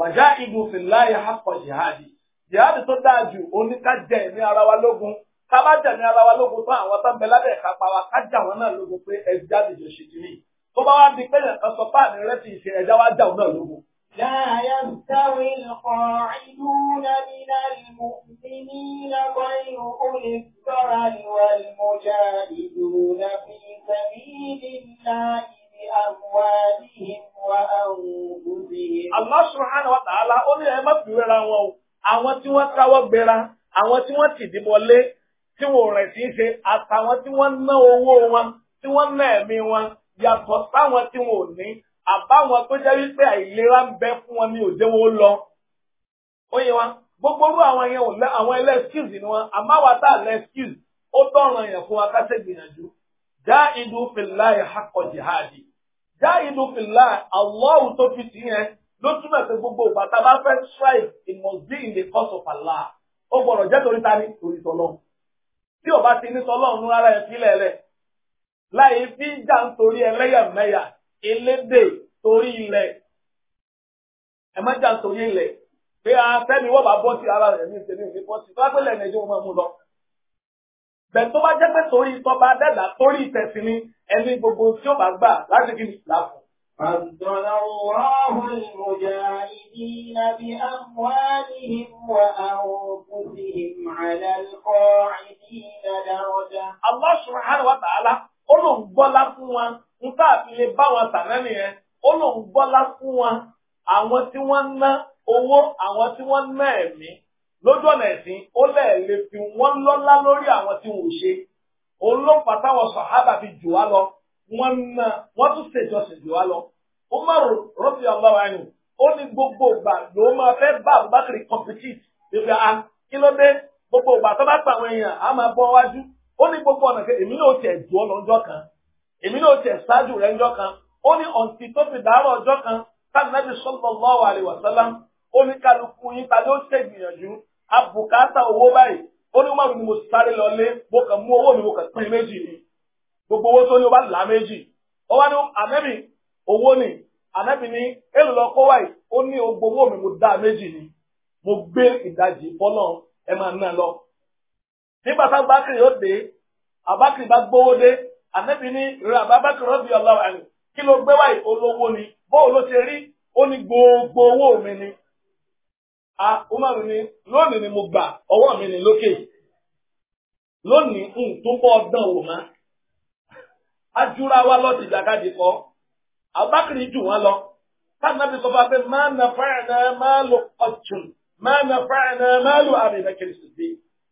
wàjá ìlú fìláyà hapọ̀ jihadi jihadi tó dáa jù oníkájẹ ní ara wa lógun kábàjẹ ní ara wa lógun tó àwọn tó ń bẹ lábẹ́ ẹ̀ka pa wa kájà wọn náà lógun pé ẹ jáde jọ ṣe kìíní tó bá wá di pé ẹ̀ka sọ fáàmì rẹ ti ṣe ẹja wá jà wọn náà lógun. لا يستوي القاعدون من المؤمنين غير أولي الضرر والمجاهدون في سبيل الله Allah وأنفسهم الله سبحانه وتعالى ó ní ẹ má fi wéra wọn o àwọn tí wọ́n káwọ́ gbéra àwọn tí wọ́n tìdí mọ́lé tí wọn ò rẹ̀ sí í ṣe àtàwọn tí wọ́n ná owó wọn tí wọ́n ná ẹ̀mí wọn yàtọ̀ sáwọn tí wọn ò ní àbáwọn tó jẹ́ wípé àìlera ń bẹ fún wọn ní òde wo lọ. ó yẹ wa gbogbo orú àwọn yẹn ò lẹ àwọn ẹlẹ́ skills ni wọn àmọ́ àwa tá àlẹ́ skills ó tọ̀ràn yẹn fún wa ká ṣe ìlú fìlà ẹ̀ hakọ̀ jihadi jáìdù fìlà Allahu tó fi sí yẹn ló túmọ̀ pé gbogbo ìgbà tá bá fẹ́ strive it must be in the cause of Allah ó gbọ́dọ̀ jẹ́ torí ta ni torí tọ́lọ́ tí o bá ti ní tọ́lọ́ nínú ara ẹ̀ sílẹ̀ rẹ̀ láì fi jà ń torí ẹlẹ́yàmẹ̀yà elédè torí ilẹ̀ ẹ má jà ń torí ilẹ̀ pé afẹ́mi wọ́n bá bọ́ sí ara rẹ̀ ní ìṣẹ́ni òfin bọ́ sí tó bá pẹ́lẹ̀ ẹ̀jẹ̀ wọn máa mú lọ bẹ́ẹ̀ bá jẹ́ pé torí tọba dẹ́gbà torí ìtẹ̀sí ni ẹni gbogbo tí ó bá gbà láti kí ni láàfọ̀. فضل الله المجاهدين بأموالهم وأنفسهم سبحانه وتعالى ó ló ń gbọ́lá fún wa ń tá àfilè bá wọn tàná nìyẹn ó ló ń gbọ́lá fún wa àwọn tí wọ́n ná owó àwọn tí wọ́n ná ẹ̀mí lójú ọ̀nà ẹ̀sìn ó lẹ́ẹ̀lẹ́ fi wọ́n lọ́lá lórí àwọn tí wọ́n ṣe òun ló fà táwọn sàhábà fi jù wá lọ wọ́n na wọ́n tún ṣèjọsìn jù wá lọ. Umar rọ́bì ọlọ́wà ẹ̀yìn ó ní gbogbo ìgbà ló máa fẹ́ bá Abubakar compete wípé a ah, kí ló dé gbogbo ìgbà tó bá pa àwọn èèyàn a máa bọ́ wájú ó ní gbogbo ọ̀nà kẹ èmi náà tiẹ̀ jù ọ́ lọ́jọ́ kan èmi náà tiẹ̀ ṣáájú rẹ̀ lọ́jọ́ kan ó ní ọ̀ǹtí tó fi dàárọ̀ ọjọ́ kan táwọn oníkálukú yín ta ló ṣègbìyànjú abùkátà owó báyìí ó ní márùn ni mo sáré lọlé mo kàn mú owó mi mo kàn pín méjì ni gbogbo owó tó ní o bá là méjì ó wá ní ànẹ́bì owó ni ànẹ́bì ni èlò lọ kó wáyìí ó ní gbogbo owó mi mo dá méjì ni mo gbé ìdajì bọ́nà ẹ máa ná lọ. nígbà tá bákìrì ó dé àbákìrì bá gbówó dé ànẹ́bì ni rẹ àbábákìrì rọ́bì ọlọ́wà ni kí ló gbé wáyìí olówó ni bóòló ṣe rí ó ní gbogbo owó mi ni a Umaru ni lónìí ni mo gbà ọwọ́ mi ni lókè lónìí ń tó bọ́ ọdún wò má ajúra wa lọ́ọ́ ti jàkadì kọ́ abákìrì jù wọ́n lọ káàdì sọ fún wa pé na fáànà máa lo ọ̀tún máa na fáànà máa lo àrẹ̀dẹ̀ kìrìsìtì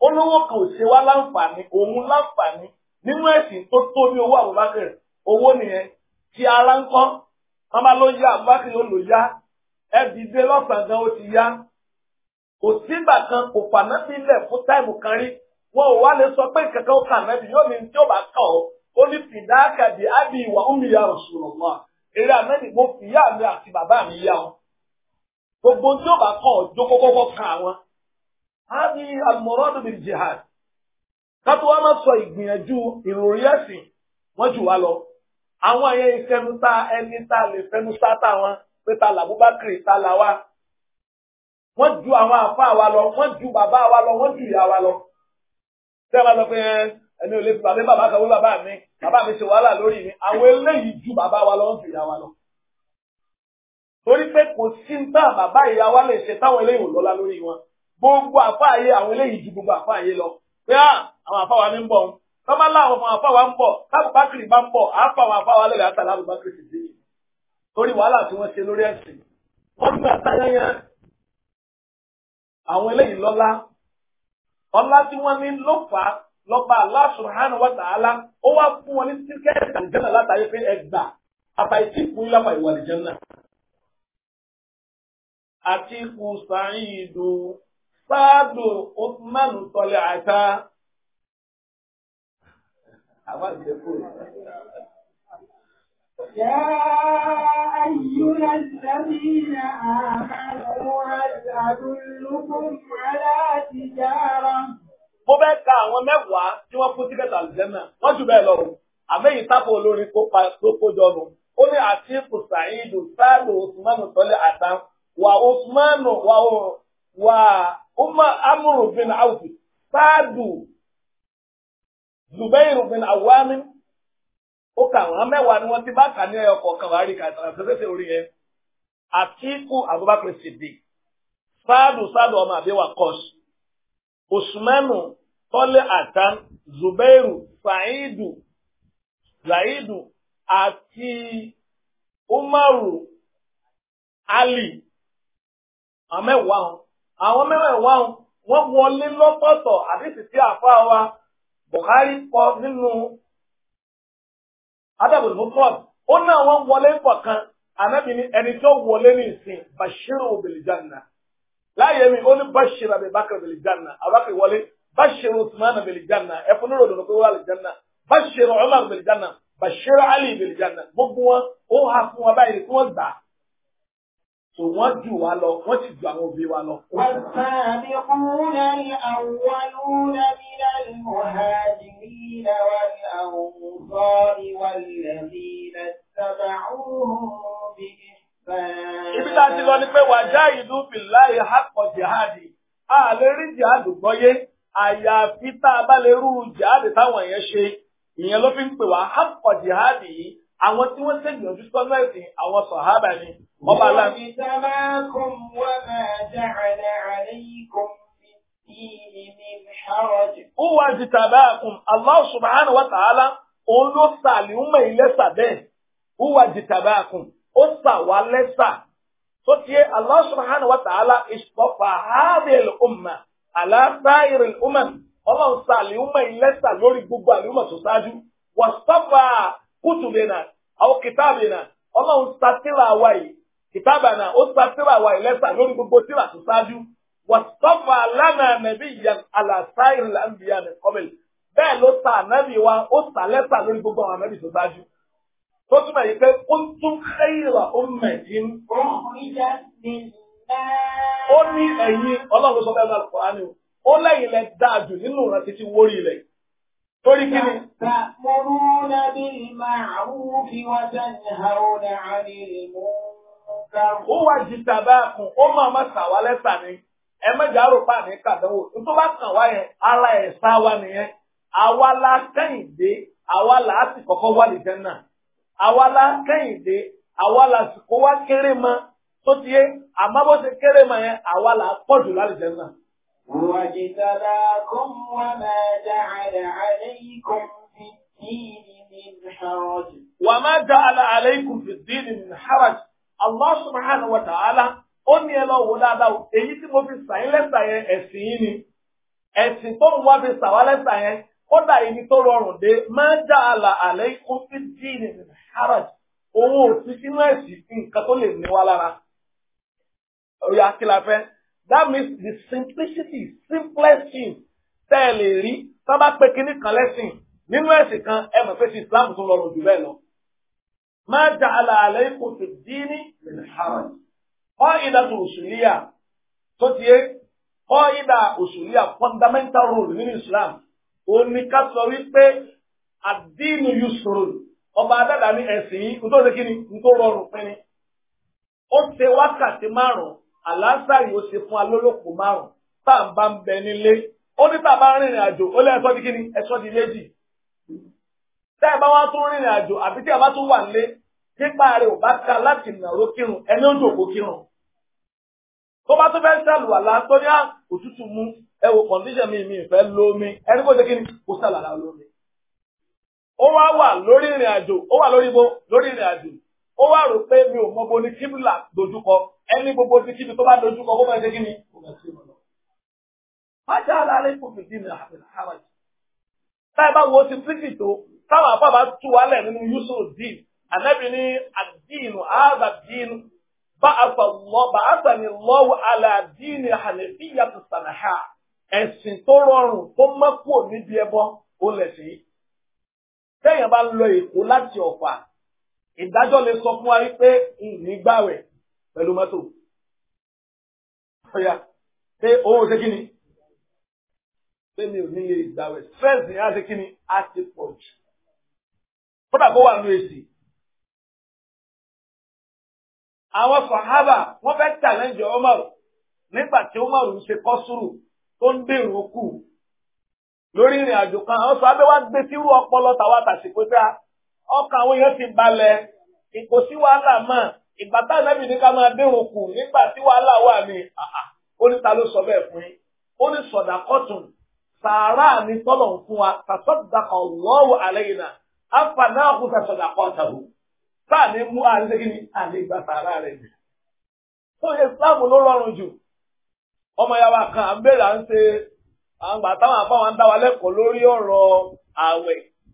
olówó kan ò ṣe wá láǹfààní òun láǹfààní nínú ẹ̀sìn tó tó ní owó àbúbákìrì owó nìyẹn ti ara ń kọ́ ọmọ ló yá àbúbákìrì ó lò yá ẹ dìde lọ́sàn-án gan ti yá kò sígbà kan kò fà nábì lẹ̀ fún táìmù kan rí wọn ò wá lè sọ pé nǹkan kan kà nábì yóò ní tí ó bá kàn ọ́ ó ní fìdáàkà di ábì ìwà ummi ya Rasulullah eré ànábì mo fìyà mi àti bàbá mi yá ọ gbogbo tí ó bá kàn ọ́ jókòókòkò kan àwọn ábì al-muradu bil jihad kátó wá má sọ ìgbìyànjú ìròrí ẹ̀sìn wọ́n jù wá lọ àwọn àyẹ̀ ìfẹnusá ẹni tá a lè fẹnusá táwọn pé ta làbúbákiri ta làwa wọ́n ju àwọn àfa wa lọ wọ́n ju bàbá wa lọ wọ́n ju ìyá wa lọ. tẹ́ ẹ bá sọ pé ẹni ò lè fi bàbá bàbá kan wé bàbá mi bàbá mi ṣe wàhálà lórí mi àwọn eléyìí ju bàbá wa lọ wọ́n ju ìyá wa lọ. torí pé kò sí ń tà bàbá ìyá wa lè ṣe táwọn eléyìí ò lọ́lá lórí wọn gbogbo àfa ayé àwọn eléyìí ju gbogbo àfa ayé lọ pé ah, àwọn àfa wa mi ń bọ̀ tọ́ba láwọn ọmọ àfa wa ń bọ̀ táwọn bá ń bọ̀ àwọn eléyìí lọ́lá ọlá tí wọ́n ní ló fà á ó wá fún wọn ní tíkẹ́ẹ̀tì àlìjẹ́nà látàrí pé ẹgbà àbàìtì fún yín lápá ìwà àti ikú sàáyìdù sáàdù يا أيها الذين آمنوا هل أدلكم على تجارة Mo fẹ́ ka àwọn mẹ́wàá tí wọ́n kú sí kẹta àlùjẹ́mẹ̀ wọ́n jù bẹ́ẹ̀ lọ o. Àmẹ́yìn sábà olórin tó kójọ nù. Ó ní àti Kùsàìdù Sáàlù Osmanu Sọ́lé Àtà wà Osmanu wà wà Amúrù bin Awùsì Sáàdù Zùbẹ́yìn bin Awámin ó kà wọ́n mẹ́wàá ni wọ́n ti bá kà ní ẹyọ kọ̀ọ̀kan wàá rí kà àtẹ̀sẹ̀sẹ̀ orí yẹn àtìkù Abubakar Siddiq sáàdù sáàdù ọmọ àbíwá kọ́s usmanu tọ́lé àtàn zubairu saidu zaidu àti umaru ali àmẹ́wàá àwọn mẹ́wàá wọ́n wọlé lọ́tọ̀ọ̀tọ̀ àdìsí tí àfa wa Buhari kọ nínú adabul mufrad ó náà wọ́n wọlé kọ̀ọ̀kan ànábì ní ẹni tó wọlé ní bashiru bil janna láàyè mi oni ní bashir abubakar bil janna abubakar wọlé bashiru usman bil janna ẹfun ní ròdòdò pé wọ́n wà janna bashir umar bil janna bashir ali bil janna gbogbo wọn ó hà fún wọn báyìí So wọ́n jù wá lọ, wọ́n sì jù àwọn òbí wa lọ. والسابقون الأولون من المهاجرين والأنصار والذين اتبعوهم بإحسان. Ibi tá a ti lọ ni pé wajahidu billahi haqqa jihadi. A lè rí jihadi gbọ́yé. Àyàfi tá a bá lè rú jihadi táwọn yẹn ṣe. Ìyẹn ló fi ń pè wá haqqa jihadi yìí àwọn tí wọ́n ṣègbìyànjú sọ́nà ẹ̀sìn àwọn sọ̀hábà ni wọ́n bá lá. ìsàmákùn wà máa ja'ala alaykum fid-dini min haraj. huwa jitabakum Allah subhanahu wa ta'ala òun ló sà àlùmọ̀ ìlẹ́sà bẹ́ẹ̀ huwa jitabakum ó sà wá lẹ́sà tó tiẹ̀ Allah subhanahu wa ta'ala istafa hadhihi al-ummah ala ọlọ́run sà àlùmọ̀ ìlẹ́sà lórí gbogbo àlùmọ̀ tó ṣáájú wọ́n sọ́fà kútùbẹ̀nà na kìtàbẹ̀nà ọlọ́run sa tírà wa yìí kìtàbẹ̀nà ó sa tírà wa yìí lẹ́sà lórí gbogbo tírà tó ṣáájú wàsọ́fà lánàá nàbí yan àlàsáìrì làǹbíyà ní kọ́mẹ̀lì bẹ́ẹ̀ ló ta ànábì wa ó ta lẹ́sà lórí gbogbo àwọn ànábì tó ṣáájú tó túmọ̀ yìí pé ó tún xeyìrà ó mẹ̀jìn. ó ní ẹ̀yin ọlọ́run sọ bẹ́ẹ̀ torí kí ni. ta'muruna bil ma'rufi wa tanhauna 'anil munkar. ó wá jí tabakum ó máa ma sà wá lẹ́sà ni ẹ mẹ́jọ àrò pa àmì kàdánwò tó bá kàn wá yẹn ara ẹ̀ sá wa nìyẹn àwa la kẹ́hìndé àwa la á sì kọ́kọ́ wà lè jẹ́ náà àwa la kẹ́hìndé àwa la sì kó wá kéré mọ́ tó ti yé àmọ́ bó ṣe kéré mọ́ yẹn àwa la pọ̀jù lálẹ́ jẹ́ náà. هو اجتباكم وما جعل عليكم في الدين من حرج وما جعل عليكم في الدين من حرج Allah subhanahu mo fi sàn yín lẹ́sà yẹn ni ẹ̀sìn tó fi sàn wá lẹ́sà yẹn kódà yìí ni tó rọrùn dé máa dá àlà àlẹ́ that means the simplicity simplest thing tẹ́ ẹ lè rí tọ́ bá pé kinní kan lẹ́sìn nínú ẹ̀sìn kan ẹ mọ̀ pé ti Islam tó lọ́rùn jù bẹ́ẹ̀ lọ. má jà àlà àlẹ́ ikú ti dín ní ìhàrán. ọ ìdá tó òṣùlíyà tó ti yé ọ ìdá òṣùlíyà fundamental rule nínú Islam òun ni ká sọ wípé àdínú yusoro ọba adáda ní ẹ̀sìn yìí nítorí kí ni nítorí rọrùn pín ó ṣe wákàtí márùn-ún àlásàrì ó ṣe fún alólòpọ̀ márùn tá à ń bá ń bẹ nílé ó ní tá a bá rìnrìn àjò ó lé ẹ̀sọ́ di kíni ẹ̀sọ́ di méjì tá ẹ bá wá tún rìnrìn àjò àbí tí a bá tún wà nílé nípa rẹ̀ ò bá ka láti nàró kírun ẹni ó jòkó kírun tó bá tún fẹ́ ṣàlùwàlá tó ní ah, òtútù mú ẹ wo kọ̀ǹdíṣàn mi mi ìfẹ́ lómi ẹni kò ṣe kíni kò ṣàlàlà lómi ó wá wà lórí ìrìn àjò ó wà lórí ibo lórí ìrìn àjò ó wá rò pé mi ò mọ bo ní dojúkọ gbogbo ti kíbi tó bá dojúkọ kó máa ṣe kí ni kò máa kò fi dín ní àhàwájú. táyà bá wo ti tíkì tó táwọn àpá bá tú ala nínú yusuf dín ànábì ní àdínù ààbà dín bá lọ́wọ́ ẹ̀sìn tó rọrùn tó níbi ẹbọ ó lẹ̀ sí. téèyàn bá lọ èkó láti ìdájọ́ lè sọ fún wa wípé nígbàwẹ̀ pẹ̀lú mọ́tò ọ̀yà pé òun ṣe kí ni pé mi ò nílé ìgbàwẹ̀ stress ni á kí ni á ti pọ̀ jù kódà kó wà nínú èsì. àwọn sàhábà wọ́n fẹ́ challenge Umar nígbà tí Umar ń ṣe kọ́sùrù tó ń dèrò kù lórí ìrìn àjò kan àwọn sàhábà wá gbé sírú ọpọlọ tàwa tàṣìkò ọkàn àwọn èèyàn ti balẹ̀ ìkò sí wàhálà mọ́ ìgbà ma ànábì ní ká máa dérun kù nígbà tí wàhálà wà ní ó ní ta ló sọ bẹ́ẹ̀ fún yín ó ní sọ̀dà kọ́tùn sàárà ní tọ́lọ̀ ń fún wa tàṣọ́dàkọ̀ lọ́wọ́ àlẹ́yìnà àfààní àkúta sọ̀dà kọ́tàbù sáà ní rọrùn jù ọmọ kan à ń àwọn dá wa lẹ́kọ̀ọ́ lórí ọ̀rọ̀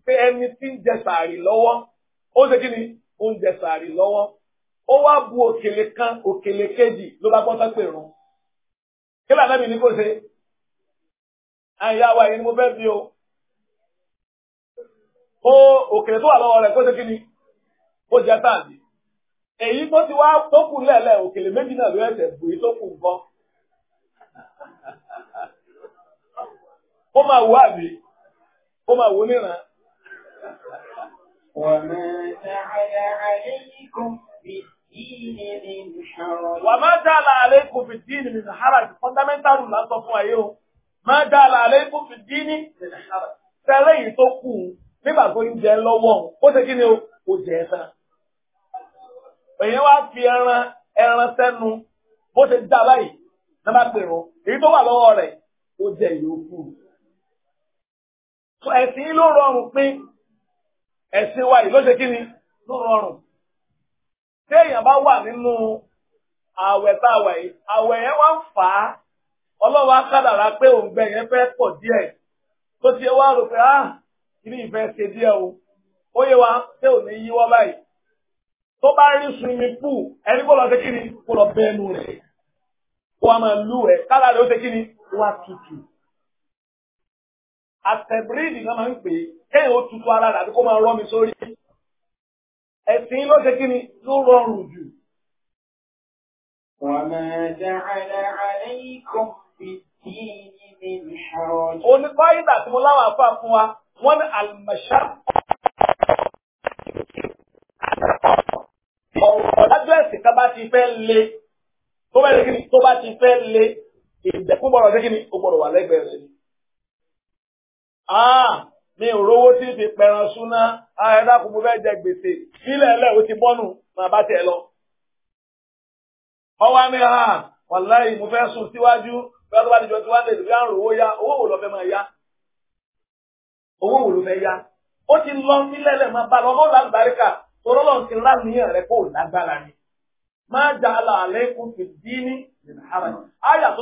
pé ẹni tí ń jẹ sàárì lọ́wọ́ ó ṣe kí ni ó ń jẹ sàárì lọ́wọ́ ó wá bu òkèlè kan òkèlè kejì ló bá gbọ́n sápè rún kí lànà mi ní kò ṣe àyà wa yìí ni mo fẹ́ bí o ó òkèlè tó wà lọ́wọ́ rẹ̀ kó ṣe kí ni ó jẹ sáàdì èyí tó ti wá tó kù lẹ́ẹ̀lẹ́ òkèlè méjì náà ló ẹ̀sẹ̀ bù yìí tó kù nǹkan ó máa wù àbí ó máa wù níran. وما جعل عليكم في الدين من حرج وما جعل عليكم في الدين من حرج fundamental rule la sọ fún ayé o ما جعل عليكم في الدين من حرج tẹ́lẹ̀ yìí tó kù nígbà tó ń jẹ lọ́wọ́ ó ṣe kí ni o kò jẹ ẹ́ tán èyí wá fi ẹran ẹran sẹ́nu bó ṣe dá báyìí ní bá pèrò èyí tó wà lọ́wọ́ rẹ̀ ó jẹ ìyókù ẹ̀sìn ló rọrùn pín ẹ̀sìn wa yìí ló ṣe kí ni ló rọrùn téèyàn bá wà nínú àwẹ̀ tá a wà yìí àwẹ̀ yẹn wá ń fà á ọlọ́wọ́ pé òǹgbẹ yẹn fẹ́ pọ̀ díẹ̀ tó ti wá rò pé ah ìfẹ́ díẹ̀ o ó yẹ wa pé ò ní yíwọ́ báyìí tó bá rí sunmi pù ẹni lọ kí ni wa máa àtẹ̀bírìdì náà máa ń pè é kéèyàn ó tutù ara rẹ̀ àbí kó máa rọ́ mi sórí. ẹ̀sìn ló ṣe kí ni ló rọrùn jù. wàmà jàǹdà àlẹ́yìnkùn fìdí ní ìṣòro. oníkọ́ ìgbà tí mo láwọn àfa fún wa wọ́n ní àlùmọ̀ṣá. ọ̀rọ̀ lájọ́ ẹ̀sìn ká bá ti fẹ́ le tó bá ti fẹ́ le ìdẹ̀kùn gbọ́dọ̀ ṣe kí ni ó gbọ́dọ̀ wà lẹ́gbẹ̀ẹ́ rẹ̀ ni. ah mi ò rówó tí fi pẹran súná ah ẹ dákun mo fẹ́ jẹ gbèsè sílẹ̀ ẹlẹ́ o ti lọ. ọwọ́ mi ha ah, wàláyé mo fẹ́ sùn síwájú bẹ́ẹ̀ tó bá ti fi àrùn owó yá owó wò lọ fẹ́ máa owó wò ló fẹ́ ó ti lọ sílẹ̀ ẹlẹ́ máa bá lọ ọmọ làlùbáríkà tòró lọ́n ti rà rẹ kó lágbára ni. máa jà á àlékún ti dín ní ìhàrà. àyà tó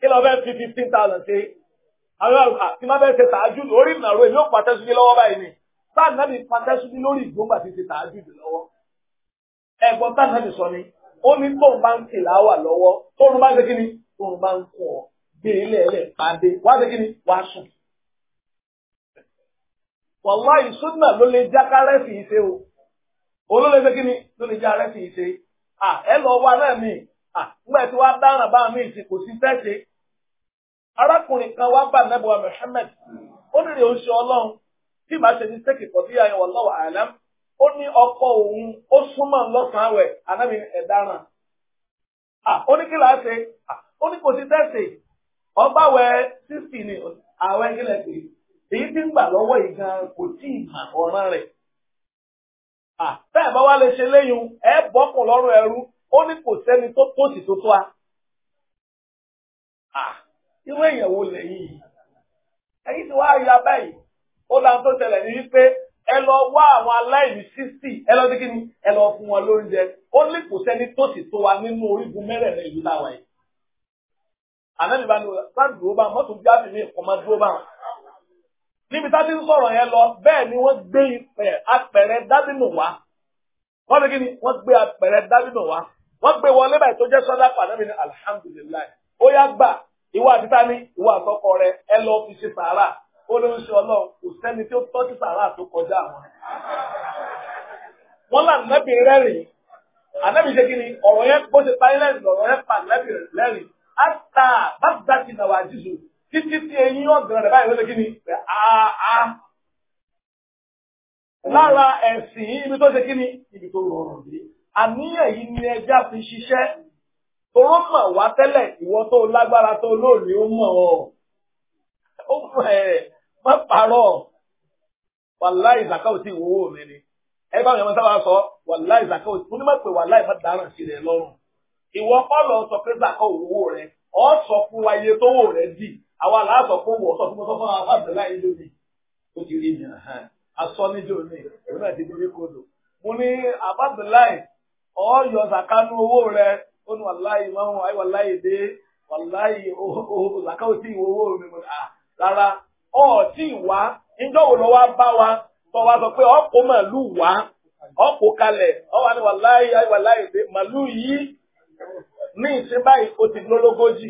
kí lọ fẹ́ fi fifteen thousand ṣe àwọn má ṣe tààjú lórí èmi ò báyìí ni sáà ti ṣe tààjú sáà sọ ni ó ní tóun bá ń kè láwà lọ́wọ́ tóun bá ń ṣe ni tóun bá ń gbé e pàdé wá ni wá sùn. ló lè já o olólè ṣe ni ló lè já kárẹ́sì ìṣe à ẹ lọ wá náà nígbà tí wàá dáràn bá mi ìsìn kò sí fẹ́ẹ̀ṣe. arákùnrin kan wá bá nẹ́bùwá Muhammad ó ní rèé oṣù ọlọ́run tí màá ṣe ní sẹ́kì kọ́ bí ayọ̀ wallahu a'lam ó ní ọkọ òun ó súnmọ́ lọ́sàn-án wẹ̀ anábì ẹ̀dáràn. ó ní kí làá ṣe ó ní kò sí fẹ́ẹ̀ṣe ọgbà wẹ̀ sísì ni àwọn ẹgbẹ́ èyí tí ń gbà lọ́wọ́ yìí gan kò tí ì mà ọ̀ràn rẹ̀. bẹ́ẹ̀ bá wá lè ṣe léyìn ẹ bọ́kùn lọ́rùn ẹrú ó ní kò sẹ́ni tó tòṣì tó tó a. irú èèyàn wo lẹ́yìn yìí ẹ̀yin tí wàá ya báyìí ó dáa tó ṣẹlẹ̀ ní wípé ẹ lọ wá àwọn aláìní sísì ẹ lọ sí kíni ẹ lọ fún wọn lóúnjẹ ó ní kò sẹ́ni tòṣì tó wa nínú orígun mẹ́rẹ̀ẹ̀rin ìlú làwọn yìí. ànábì bá ní láti dúró bá mọ́tò bí ábì mi dúró bá wọn. níbi tá a ti ń sọ̀rọ̀ yẹn lọ bẹ́ẹ̀ ni wọ́n gbé apẹ̀rẹ̀ dábìnù wá wọ́n ní kíni wọ́n gbé apẹ̀rẹ̀ dábìnù wá wọ́n gbé wọlé báyìí tó jẹ́ sọ́dá pàdánù ní alihamudulilayi ó yá gbà ìwọ àtúntà ní ìwọ àtọkọ rẹ ẹ lọ fi ṣe sàárà ó ló ń ṣe ọlọ́run kò sẹ́ni tí ó tọ́jú sàárà tó kọjá àwọn. wọ́n là nẹ́bì rẹ́rìn ànẹ́bì ṣe kí ni ọ̀rọ̀ yẹn bó ṣe parí lẹ́rìn ọ̀rọ̀ yẹn pa nẹ́bì lẹ́rìn àtà bàbá ti nàwà jìzù títí tí eyín ọ̀gbìn rẹ̀ báyìí ló ṣe kí ni àá. lára ẹ̀sìn ibi tó ṣe kí ni ibi tó rọrùn yìí àníyàn yìí ni ẹja fi ṣiṣẹ́ toró mọ̀ wá tẹ́lẹ̀ ìwọ tó lágbára tó lóòrè ó mọ̀ ọ́ ó mọ̀ ẹ̀ má parọ́ wàláì zaka ò tí ì wọ́wọ́ mi ni ẹ bá mi ọmọ sábà sọ wàláì zaka ò tí mo ní má pè wàláì má dáràn sí rẹ lọ́rùn ìwọ kọ́ lọ sọ pé zaka ò wọ́wọ́ rẹ ọ sọ fún wa iye tó wò rẹ dì àwa là á sọ fún wọ sọ fún mo sọ fún àwọn àbẹ̀lá yìí lónìí ó ti rí mi asọ níjó ní èmi náà ti dorí kodò mo ní àbábẹ̀láì ọ yọ owó rẹ ó wàláyé mọ́hún ayé wàláyé dé wàláyé zaka tí owó mi mọ́ à ah, rárá ọ tí wá níjọ́ wo lọ bá wa tó wá sọ pé ọkọ̀ màálù wá kalẹ̀ wà wàláyé ayé wàláyé dé yìí ní ìsín báyìí ti lólógójì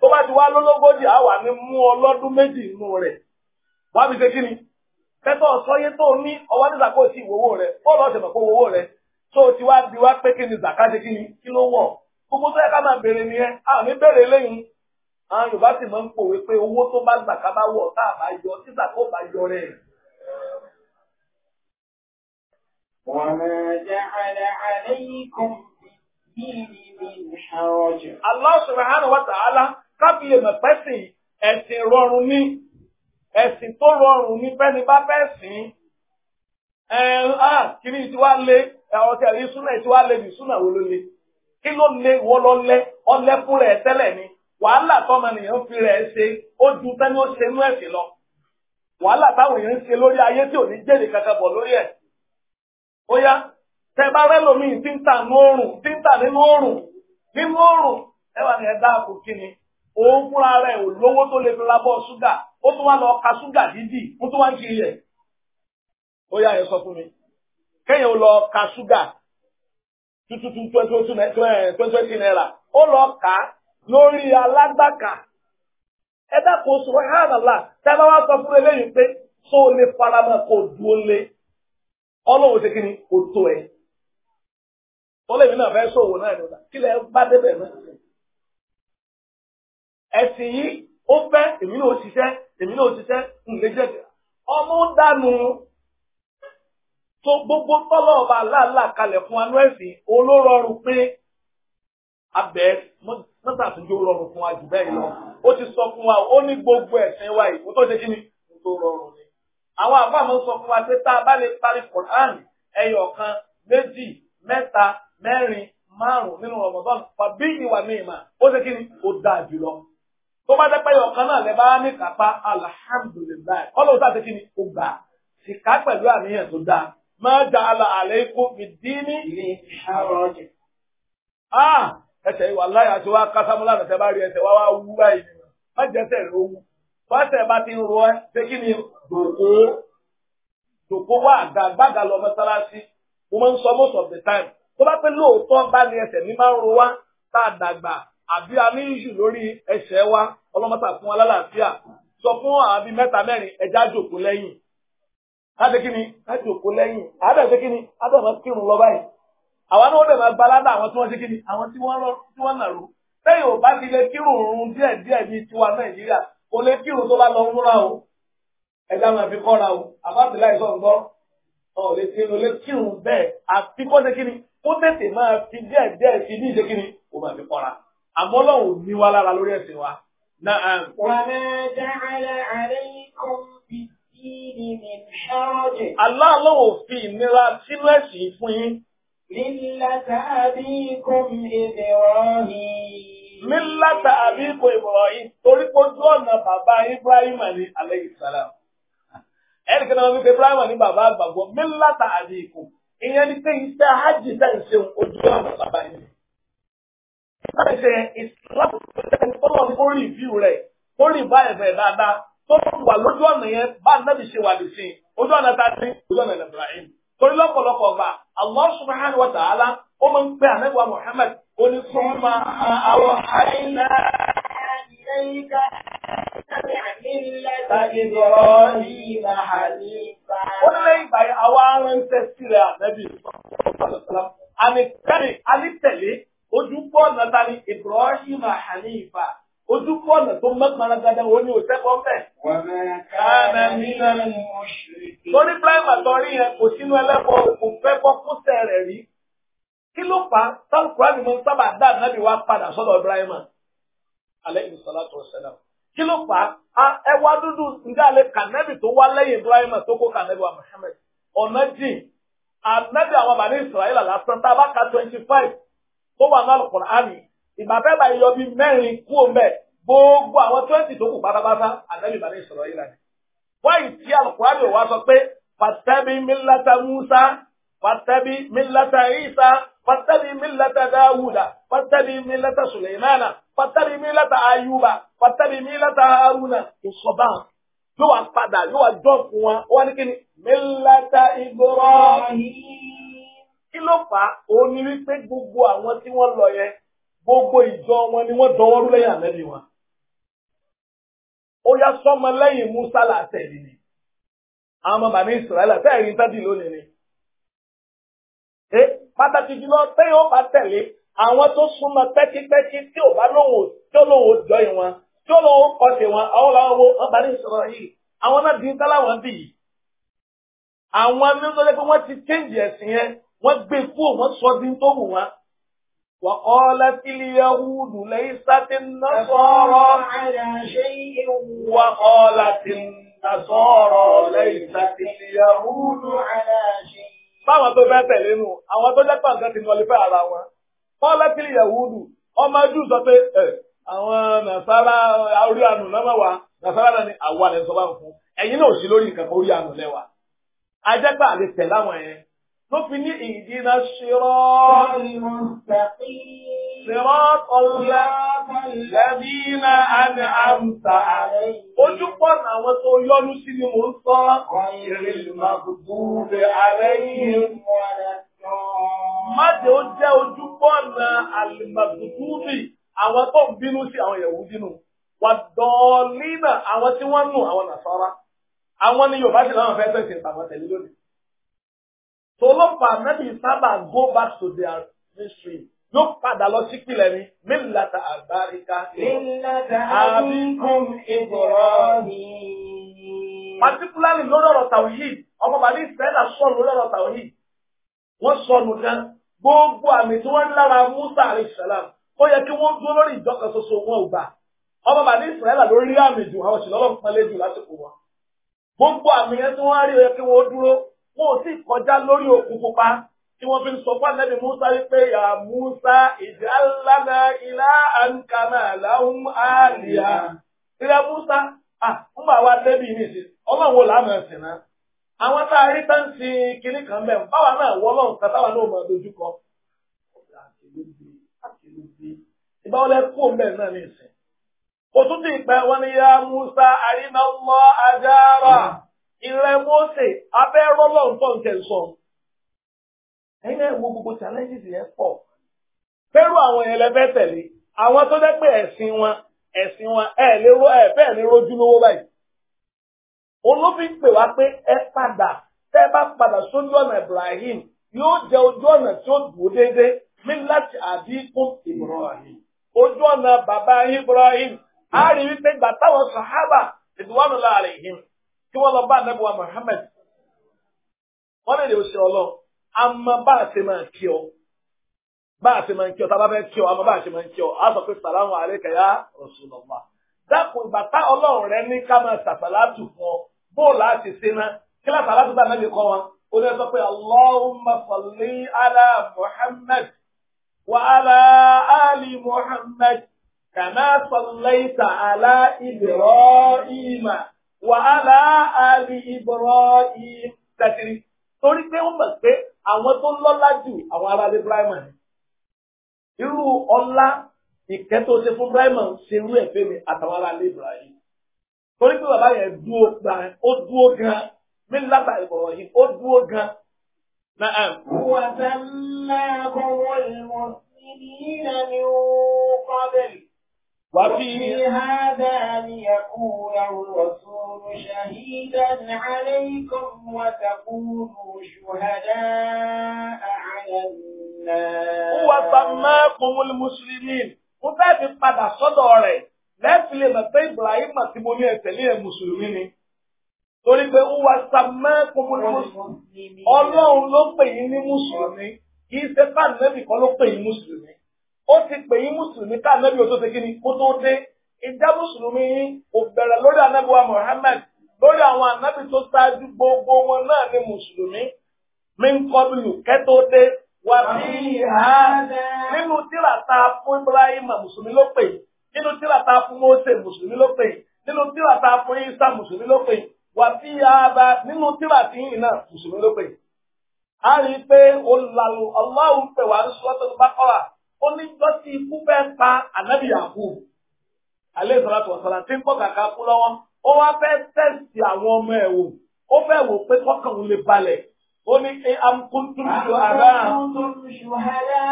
tó bá ti wá lólógójì wà ní mú ọ lọ́dún méjì nù rẹ̀ ṣe kí tó o ti wá di wá pé kí ni zakadé kí kí ló wọ̀ gbogbo tó yẹ ká máa béèrè nìyẹn àmì béèrè lẹ́yìn àwọn Yorùbá sì máa ń pòwe pé owó tó bá zàká bá wọ̀ tá bá yọ tí ó bá yọ rẹ̀. kábíyè mẹ̀pẹ́sìn ẹ̀sìn rọrùn ní ẹ̀sìn tó rọrùn ní bá Ẹ̀ àwọn tí súnà tí wàá súnà wo ló le kí ló le wọ́n lọ lẹ́ ọlẹ́ fún rẹ̀ tẹ́lẹ̀ ni wàhálà tọmọnìyàn fi rẹ̀ ṣe ó ju tẹ́ni ó ṣe nú lọ wàhálà táwọn èèyàn ń ṣe lórí ayé tí ò ní jèrè kankan bọ̀ lórí ẹ̀ ó tẹ bá rẹ lómi tí ń tà nínú oòrùn tí ń tà nínú oòrùn nínú oòrùn ẹ ni òun fúnra rẹ ò lówó tó lè fi ra ṣúgà ó tún kéèyàn ụlọ ka ṣúgà tuntun twenty naira ó lọ kà á lórí alágbàkà ala dákun subhanallah tẹ́lá wá sọ fún eléyìí pé o lè faramọ́ kó o dúró lé ni kò tó ẹ tọ́lẹ̀ na náà fẹ́ ó èmi èmi tó gbogbo tọ́lọ̀ ọba aláàlá kalẹ̀ fún anú ẹ̀sìn olórọrùn pé abẹ mọ́tàtúndó rọrùn fún wa jù bẹ́ẹ̀ lọ ó ti sọ fún wa ó ní gbogbo ẹ̀sìn wa ìkú tó ṣe kí ni tó rọrùn ni àwọn àbámọ̀ sọ fún wa pé tá a bá lè parí Quran ẹyọ kan méjì mẹ́ta mẹ́rin márùn nínú Ramadan fàbí ìwà mímà ó ṣe kí ni ó dáa jùlọ tó bá dẹ́pẹ́ ẹyọ kan náà lẹ bá ní kápá alhamdulilayi kọ́lọ́ ṣe kí ni ó gbà síkà pẹ̀lú àníyàn tó dáa máa dà àlà àlẹ́ ikú fìdí ní. ní àròjì. a ẹsẹ̀ ìwà láyà tí wàá kásámúlà tẹ̀ bá rí ẹsẹ̀ wá wá wú báyìí má jẹ́sẹ̀ ló wú fọ́sẹ̀ bá ti ń ro ẹ́ ṣé kí ni dòkó dòkó wà àgbàgbàgà lọ mọ́sálásí mo máa ń sọ most of the time tó bá pẹ́ lóòótọ́ bá ní ẹsẹ̀ mi máa ń ro wá tá a dàgbà àbí a lórí ẹsẹ̀ wa ọlọ́mọ́sà fún wa sọ fún àbí mẹ́ta mẹ́rin ẹja jòkó lẹ́yìn káṣe kí ni káṣe òkú lẹ́yìn àádọ́sẹ̀ kí ni àádọ́sẹ̀ kírun lọ báyìí àwọn náà ó dẹ̀ máa gbalada àwọn tí wọ́n ṣe kí ni àwọn tí wọ́n nàró lẹ́yìn ò bá ti lè kírun òun díẹ̀ díẹ̀ bíi tiwa nàìjíríà kò lè kírun tó bá lọ ń múra o ẹja máa fi kọ́ra o àbáṣe láì sọ̀ ń gbọ́ lè ti lè kírun bẹ́ẹ̀ àfi kọ́ ṣe kí ni ó tètè máa fi díẹ̀ díẹ̀ fi ní ìṣe kí ni ó máa fi kọ́ra àmọ́ lọ́hùn ní wa lára lórí ẹ̀sìn wa. Wàmẹ́ dáhàlẹ̀ àlẹ́ yìí kọ́ Allah ló wò fi ìnira sílẹ̀ sí fún yín. Mílátà àbíkùn Ibrahim. Mílátà àbíkùn Ibrahim torí kojú ọ̀nà bàbá Ibrahim ní alayhi salam. Ẹnì kan náà wípé Ibrahim ní bàbá àgbàgbọ́ mílátà àbíkùn. Ìyẹn ni pé iṣẹ́ hajj tẹ̀ ń ṣe ojú ọ̀nà bàbá yìí. Láti ìsìlámù tó ń tọ́lọ̀ kórìí fíù rẹ̀ kórìí bá ẹ̀fẹ̀ dáadáa tó wà lójú ọ̀nà yẹn bá nàbì ṣe wà lè sìn ojú ọ̀nà tá a ti ojú ọ̀nà Ibrahim torí lọ́pọ̀lọpọ̀ gbà Allah subhanahu wa ta'ala ó máa ń pè ànábì wa Muhammad ó ní kó máa àwọn àìlá ìlẹ́yìnká ó ní lẹ́yìn ìgbà yẹn àwa aránṣẹ́ sílẹ̀ ànábì àmì kẹ́rin alítẹ̀lé ojú pọ̀ Ibrahim hanifa ojúkọ ọ̀nà tó mẹ́gbàragada wo ni òṣẹ́kọ̀ mẹ́. Kàánà nínà mọ̀ṣẹ́. Lórí Ibrahim àtọ́rí yẹn kò sínú ẹlẹ́kọ̀ọ́ kò fẹ́ kọ́ kúṣẹ̀ rẹ̀ rí. Kí ló fà á? Sáà Kùránì mọ sábà dá ànábì wa padà sọ́dọ̀ Ibrahim. Alayhi salatu wassalam. Kí ló fà á? Ẹ wá dúdú ǹjẹ́ àlẹ́ kànẹ́bì tó wá lẹ́yìn Ibrahim tó kó kànẹ́bì wa Muhammad. Ọ̀nà jìn. Ànábì àwọn Bani Israẹ̀lá lásán twenty five tó wà náà Kùránì ìgbàfẹ́ bá yọ bí mẹ́rin kú òun bẹ́ẹ̀ gbogbo àwọn twenty tó kù pátápátá ànábì bá ní sọ̀rọ̀ yìí lánàá. wọ́n yìí tí alukurani wá sọ pé fatabi milata musa fatabi milata isa fatabi milata dawuda fatabi milata suleimana fatabi milata ayuba fatabi milata haruna ìsọba yóò wá padà yóò wá jọ fún wa wọn ní kíni milata ibrahim kí ló fà á òun ni wípé gbogbo àwọn tí wọ́n lọ yẹn gbogbo ìjọ wọn ni wọ́n dọwọ́rú lẹ́yìn ànábì wọn. ó yá sọ́mọ lẹ́yìn Musa làtẹ̀lé ni àwọn ọmọ bàbá Israẹli àtẹ̀rí tẹ́tì lónìí ni. ẹ pàtàkì jùlọ tẹ́yìn ó bá tẹ̀lé àwọn tó súnmọ́ pẹ́kípẹ́kí tí ò bá lóhùn tí ó lóhùn jọ tí ó wọn àwọn làwọn wo ọba ní ìṣòro yìí àwọn náà ti change ẹ̀sìn yẹn wọ́n e sọ وقالت اليهود ليست النصارى على شيء وقالت النصارى ليست اليهود على شيء báwọn tó fẹ́ tẹ̀lé nù àwọn tó jẹ́ pàǹkan ti nọlé fẹ́ ara wọn kọ́lá kiri yahudu ọmọ jù sọ pé ẹ àwọn nàṣàrà orí àánú náà wà nàṣàrà náà ni àwọn àlẹ́ sọ bá ń fún ẹ̀yin náà ò sí lórí nǹkan orí àánú lẹ́wà ajẹ́pà lè tẹ̀lé àwọn yẹn ló fi ní ìdínà ṣírọ́ ṣírọ́tọ̀lá lẹ́bínà àmì àmìta ojúpọ̀ àwọn tó yọ́nú sí ni mo ń sọ Májẹ̀ ó jẹ́ ojúpọ̀ na alìmàgùdúbì àwọn tó ń bínú sí àwọn ìyẹ̀wò dínú. Wà dọ̀ọ̀línà àwọn tí wọ́n nù àwọn nàṣọ́rá. Àwọn ni Yorùbá sì láwọn fẹ́ tẹ̀sí ìtàwọn tẹ̀lé lónìí. So ló fa Nabi sábà go back to their mystery. Yóò padà lọ sí pìlẹ̀ mi. Millata àbáríkà. Millata àbíkún ìgbòrò mi. Particularly lórí ọ̀rọ̀ tawhid, ọmọ bàbá Ìsẹ́lá sọ̀rọ̀ lórí ọ̀rọ̀ tawhid. Wọ́n sọnù gan. Gbogbo àmì tí wọ́n lára Musa àríṣàlám. Ó yẹ kí wọ́n dúró lórí ìjọkan ṣoṣo wọn ò gbà. Ọmọ bàbá Ìsẹ́lá ló rí àmì jù àwọn òṣèlú ọlọ́pàá lé jù lásìkò wọn. Gbogbo àmì yẹn tí wọ́n rí ó yẹ kí wọ́n dúró wọn ò sì kọjá lórí òkun pupa tí wọ́n fi ń sọ fún àlẹ́bí Musa wípé ya Musa ij'allana ilahan kama lahum aliya ìrẹ́ Musa ń bá wa débi ní ìsìn ọlọ́run wo làánà ẹ̀sìn náà àwọn tá a rí tán sí kinní kan bẹ́ẹ̀ báwa náà wọ́ ọlọ́run kan táwa náà mọ̀ dojú kọ. ìbáwọlé kú òǹbẹ̀ náà ní ìsìn òtútù ìpẹ́ wọn ni ya Musa àrínà Allah àjàrà. ilẹ̀ mose abẹ́ rọ́lọ́ nǹkan tẹ̀ sọ. ẹ̀yin náà wo gbogbo challenges yẹn pọ̀. fẹ́rù àwọn yẹn lẹ fẹ́ tẹ̀lé àwọn tó pé ẹ̀sìn wọn ẹ̀sìn wọn ẹ̀ ẹ̀ Ibrahim yóò jẹ ojú ọ̀nà tí ó dùn mí láti Ibrahim ojú ọ̀nà bàbá Ibrahim a rí wípé sàhábà ìdúwọ́nù kí wọ́n lọ bá ànábì wa wọ́n lè lè ṣe ọlọ́ àmọ́ bá a ti máa kí ọ bá a ti máa kí ọ tá a kí ọ àmọ́ bá a ti máa kí ọ á sọ pé sàlámù alayka ya Rasulullah dákun ìbàtà ọlọ́run rẹ ní ká máa sàfàlátù fún ọ bóòlù àti kí wọn lè sọ pé ala wa ala ali Muhammad kama sallaita ala wàhálà àrí Ibrahim tẹ̀sírí torí pé wọ́n mọ̀ pé àwọn tó lọ́lá jù àwọn ará lé Ibrahim ni irú ọlá ìkẹ́ tó ṣe fún Ibrahim ṣe irú ẹ̀ fẹ́ mi àtàwọn ará lé Ibrahim torí pé bàbá yẹn dúró gan ó dúró gan mí lábà Ibrahim ó dúró gan. wàtàlá kọ́wọ́ ìmọ̀ sí ní ìlànà ìwọ̀n kọ́bẹ̀lì. وفي هذا ليكون الرسول شهيدا عليكم وتكونوا شهداء على الناس هو سماكم المسلمين وذلك قد صدر lẹ́fì lè mọ̀ pé Ibrahim àti mo ní ẹ̀tẹ̀lé ẹ̀ mùsùlùmí ni torí pé ó wá sàmẹ́kùnmù ní mùsùlùmí ọlọ́run ló pè yín ní mùsùlùmí kì í ṣe fáànù lẹ́bìkan ló pè yín mùsùlùmí ó ti pè yín mùsùlùmí ká ànábì ó tó ṣe kíni kó tó dé ìjà mùsùlùmí yín kò bẹ̀rẹ̀ lórí ànábì wa Muhammad lórí àwọn ànábì tó ṣáájú gbogbo wọn náà ni mùsùlùmí mi ń kọbìlù kẹ́tó dé wà bí ha nínú tíra ta fún Ibrahim mùsùlùmí ló pè nínú tíra ta fún Mose mùsùlùmí ló pè nínú tíra ta fún Isa mùsùlùmí ló pè wà bí ha nínú tíra tí yìí náà mùsùlùmí ló pè. a rí i pé olùlàlù ọlọ́run pè wá ń sọ́tò bákọ́rà ó ní gbọ́ tí ikú fẹ́ pa ànábì àbú alẹ́ ìsọ̀rọ̀ àtọ̀sọ̀rọ̀ tí ń pọ̀ kàkà kú lọ́wọ́ ó wá fẹ́ tẹ̀sí àwọn ọmọ ẹ̀ wò ó fẹ́ wò pé kọ́kàn ń lè balẹ̀ ó ní ẹ amkúntú ṣù àbá. amkúntú ṣù àbá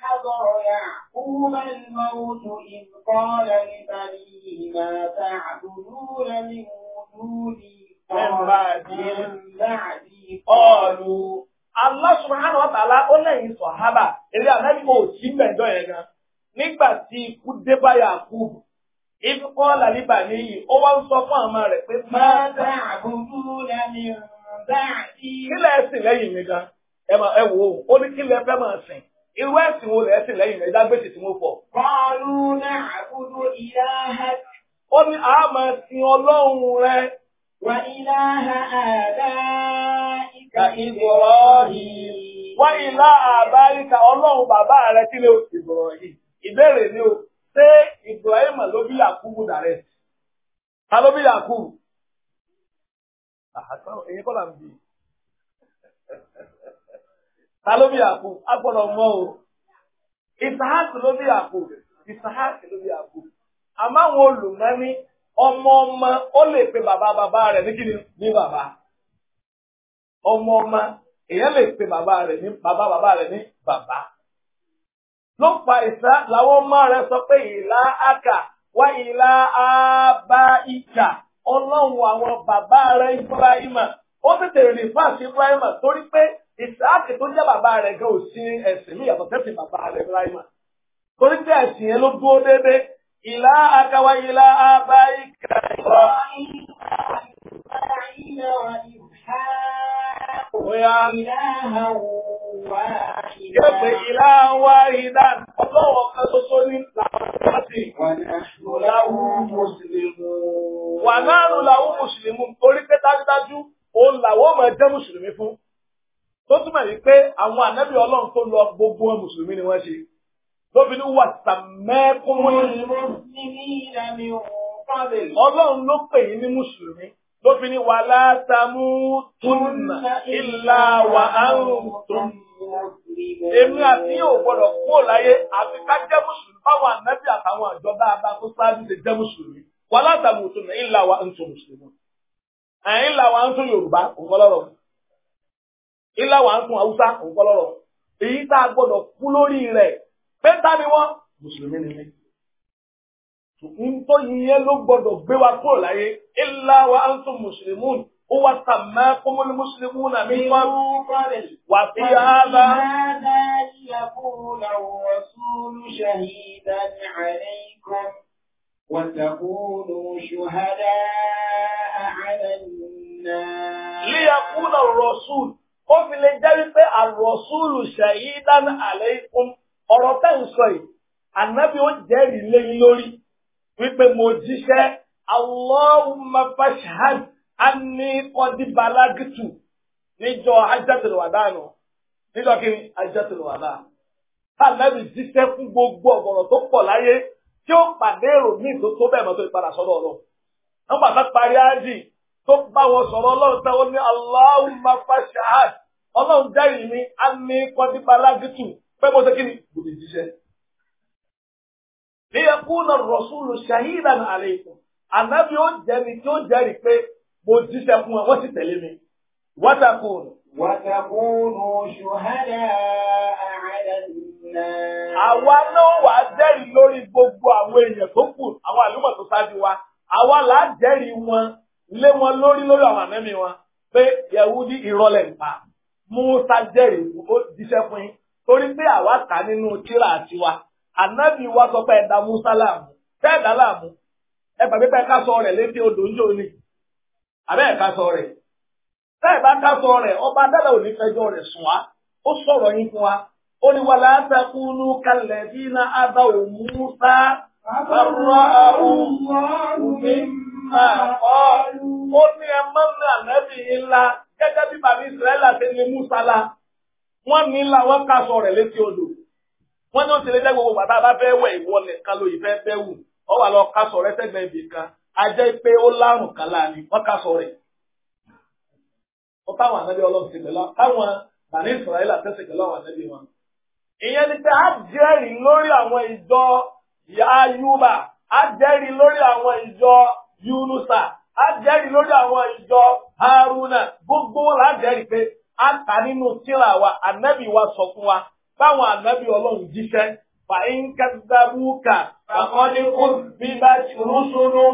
حضر يعقوب الموت إذ قال لبنيه ما تعبدون من دوني قال من بعدي قالوا Allah subhanahu wa ta'ala ó lẹ́yìn sọ̀hábà eré ànábìkọ̀ òsì mẹ́jọ yẹn gan nígbà tí ikú dé bá Yakubu ibi kọ́ làlíbà níyì ó wá ń sọ fún àmọ́ rẹ̀ pé máa dá àbúrú lẹ́ni ọ̀dá kí. kílẹ̀ ẹ̀sìn lẹ́yìn mi gan ẹ wò ó ó ní fẹ́ máa sìn irú ẹ̀sìn wo lẹ́yìn tí mo pọ̀. kọ́ọ̀lù náà àbúrú ìyá ó ní rẹ̀. wà Wọ́n ilá àbáríkà ọlọ́run bàbá rẹ̀ kí ni o Ibrahim. Ìbéèrè ni o, ṣé Ibrahim ló bí Yakubu dàrẹ́? Ta ló bí Yakubu? Èyí kọ́ ń bì. Ta ló bí Yakubu? A gbọ́dọ̀ mọ̀ o. Ìsàhásì ló bí Yakubu. ló bí Yakubu. ọmọ ọmọ èèyàn lè pe bàbá rẹ̀ ní bàbá bàbá rẹ̀ ní bàbá. ló pa ìsá làwọn ọmọ rẹ̀ sọ pé ìlà àkà wá ìlà àbá ìkà ọlọ́run àwọn bàbá rẹ̀ Ibrahima ó tètè rìn fáàsì Ibrahima torí pé ìsáàkì tó jẹ́ bàbá rẹ̀ gan ò sí ẹ̀sìn ní ìyàtọ̀ tẹ́sí bàbá rẹ̀ Ibrahima torí pé ẹ̀sìn yẹn ló dúró déédéé ìlà àkàwá ìlà àbá ìkà ìwà ìlà àbá ìlà ìhà. Yóò pè ìlà wá ìdá ọlọ́wọ́ kan ṣoṣo ní làwọ́sí. Láwùú Mùsùlùmù. Wà náàrùn láwùú Mùsùlùmù torí pé dájúdájú òun làwọ́ ọmọ ẹjẹ́ Mùsùlùmí fún. Tó túmọ̀ yìí pé àwọn ànábì Ọlọ́run tó lọ gbogbo wọn Mùsùlùmí Ọlọ́run ló pè yín ní Mùsùlùmí lófin ní wà látàmú túnà ìlà wà áhùn tó ń èmi àti yóò gbọdọ̀ kúrò láyé àfi ká jẹ́ mùsùlùmí báwọn ànábì àtàwọn àjọ dáadáa tó sáájú lè jẹ́ mùsùlùmí wà látàmú túnà ìlà wà ń tó mùsùlùmí ẹ̀yìn ìlà wà ń tó Yorùbá òǹkọlọ́rọ̀ ìlà wà ń tó Haúsá òǹkọlọ́rọ̀ èyí tá a gbọdọ̀ kú lórí rẹ̀ pé ta ni wọ́n mùsùlùmí ni ntọ́ yìnyẹn ló gbọdọ̀ gbé wa kúrò láyé ilá wa á ń tún mùsùlùmún ó wá sàmá kọ́mọ́lé mùsùlùmún náà mi wá wà fi hàlà. وتكونوا شهداء على الناس ليكون الرسول ó fi lè jẹ́ wípé àrọ̀súlù ṣẹ̀yí dáná àlẹ́ ikún ọ̀rọ̀ tẹ́ ń sọ yìí ànábì ó jẹ́rìí lẹ́yìn lórí wípé mo jíṣẹ́ Allahumma fashhad ani qad balagtu níjọ hajjatul níjọ kí gbogbo ọ̀gọ̀rọ̀ tó pọ̀ láyé tí ó pàdé èrò tó tó bẹ́ẹ̀ mọ́ tó ìpadà sọ́dọ̀ ọ̀rọ̀. Wọ́n pàtó parí tó bá wọn sọ̀rọ̀ ọlọ́run tẹ́ ní Allahumma ọlọ́run jẹ́rìí mi pé mo ni? liyakuna rasulu shahidan aleikum anabi ó jẹ́rìí tí ó jẹ́rìí pé mo jíṣẹ́ fún ẹ wọ́n sì tẹ̀lé mi wọ́tàkùn. wọ́tàkùnù ṣùhádà àádọ́nà. àwa náà wàá jẹ́rìí lórí gbogbo àwọn èèyàn tó kù àwọn àlùmọ̀ tó ṣáájú wa àwa là á jẹ́rìí wọn lé wọn lórí lórí àwọn àmẹ́mí wọn pé yahudi ìrọ̀lẹ̀ ń pa musa jẹ́rìí ó jíṣẹ́ fún yín torí pé àwa kà nínú tírà tiwa. ànábì wa sọ pé musa láàmú tẹ́ ẹ̀dá láàmú ẹ gbàgbé ká sọ létí odò ńjọ ni àbẹ́ ẹ̀ka sọ rẹ̀ bá ká sọ rẹ ọba dára ò ní fẹjọ́ rẹ̀ sùn ó yín fún wa ó ní wàlá kalẹ̀ bí iná ò musa ọ ó ní ẹ ní yín la bí musa la ní ká létí odò. wọ́n ní ó ti lé jẹ́ gbogbo bàbá bá fẹ́ wẹ̀ ìwọlẹ̀ ìfẹ́ fẹ́ wù ọ wà lọ kásọ̀ rẹ sẹ́gbẹ̀ẹ́ ibì a jẹ́ pé ó lárùn kan láàrin wọ́n kásọ̀ rẹ̀. ìyẹn ni pé a jẹ́rìí lórí àwọn ìjọ Ayuba a jẹ́rìí lórí àwọn ìjọ Yunusa a jẹ́rìí lórí àwọn ìjọ Haruna gbogbo wọn báwọn ànábì ọlọ́run jíṣẹ́ fàyín kàdàbùkà àkọ́dínkù bíbá rúṣúrú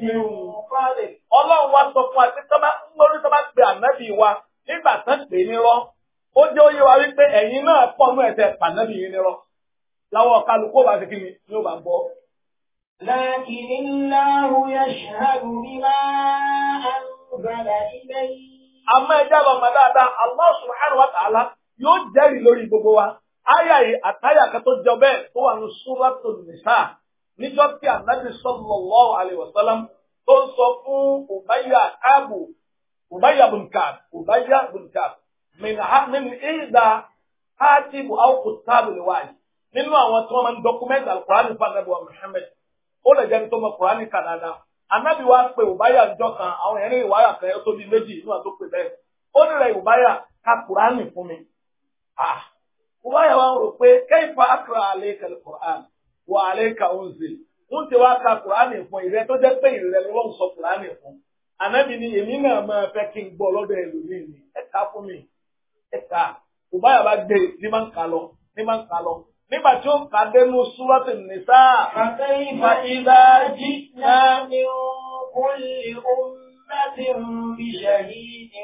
mìíràn. ọlọ́run wa sọ fún wa pé tọ́ba ń lórí tọ́ba wa nígbà tán pè é nírọ́ ó jẹ́ wa wípé ẹ̀yin náà pọ̀ mú ẹ̀sẹ̀ nìsá níjọ́ tí ànábì sallallahu alaihi wasallam tó ń sọ fún Ubayya Abu Ubayya bin Ka'b Ubayya bin Ka'b min ìdá hátìbù áwùkù tábìlì wáyé nínú àwọn tí wọ́n máa ń dọ́kúmẹ́ntì alukurani fún anabi wa Muhammad ó lè jẹ́ nítorí ọkùnrin kan dáadáa anabi wa pé Ubayya ńjọ́ kan àwọn yẹn ní ìwáyà kan yẹn tó di méjì inú àti ó bẹ́ẹ̀ ó nílẹ̀ Ubayya ka kurani fún mi. Ah! Ubayya wa rò pé kẹ́yìn fa akra àlẹ́ kẹ́lẹ́ kurani wà á lè kà ó zè ń ti wá ka kùránì fún ìrẹ tó jẹ́ pé ìrẹ ló ń sọ kùránì fún ànábì ni èmi náà máa fẹ́ kí n gbọ́ lọ́dọ̀ ẹlòmíì ni ẹ ká fún mi ẹ ká kò báyà bá gbé ní máa ń kà lọ ní máa ń kà lọ nígbà tí ó ń dénú súrọ́tì nìsá. Àtẹ́yìn fa ìlà jí náà ní kúlì ọmọdé ń bí ṣẹ̀yí ni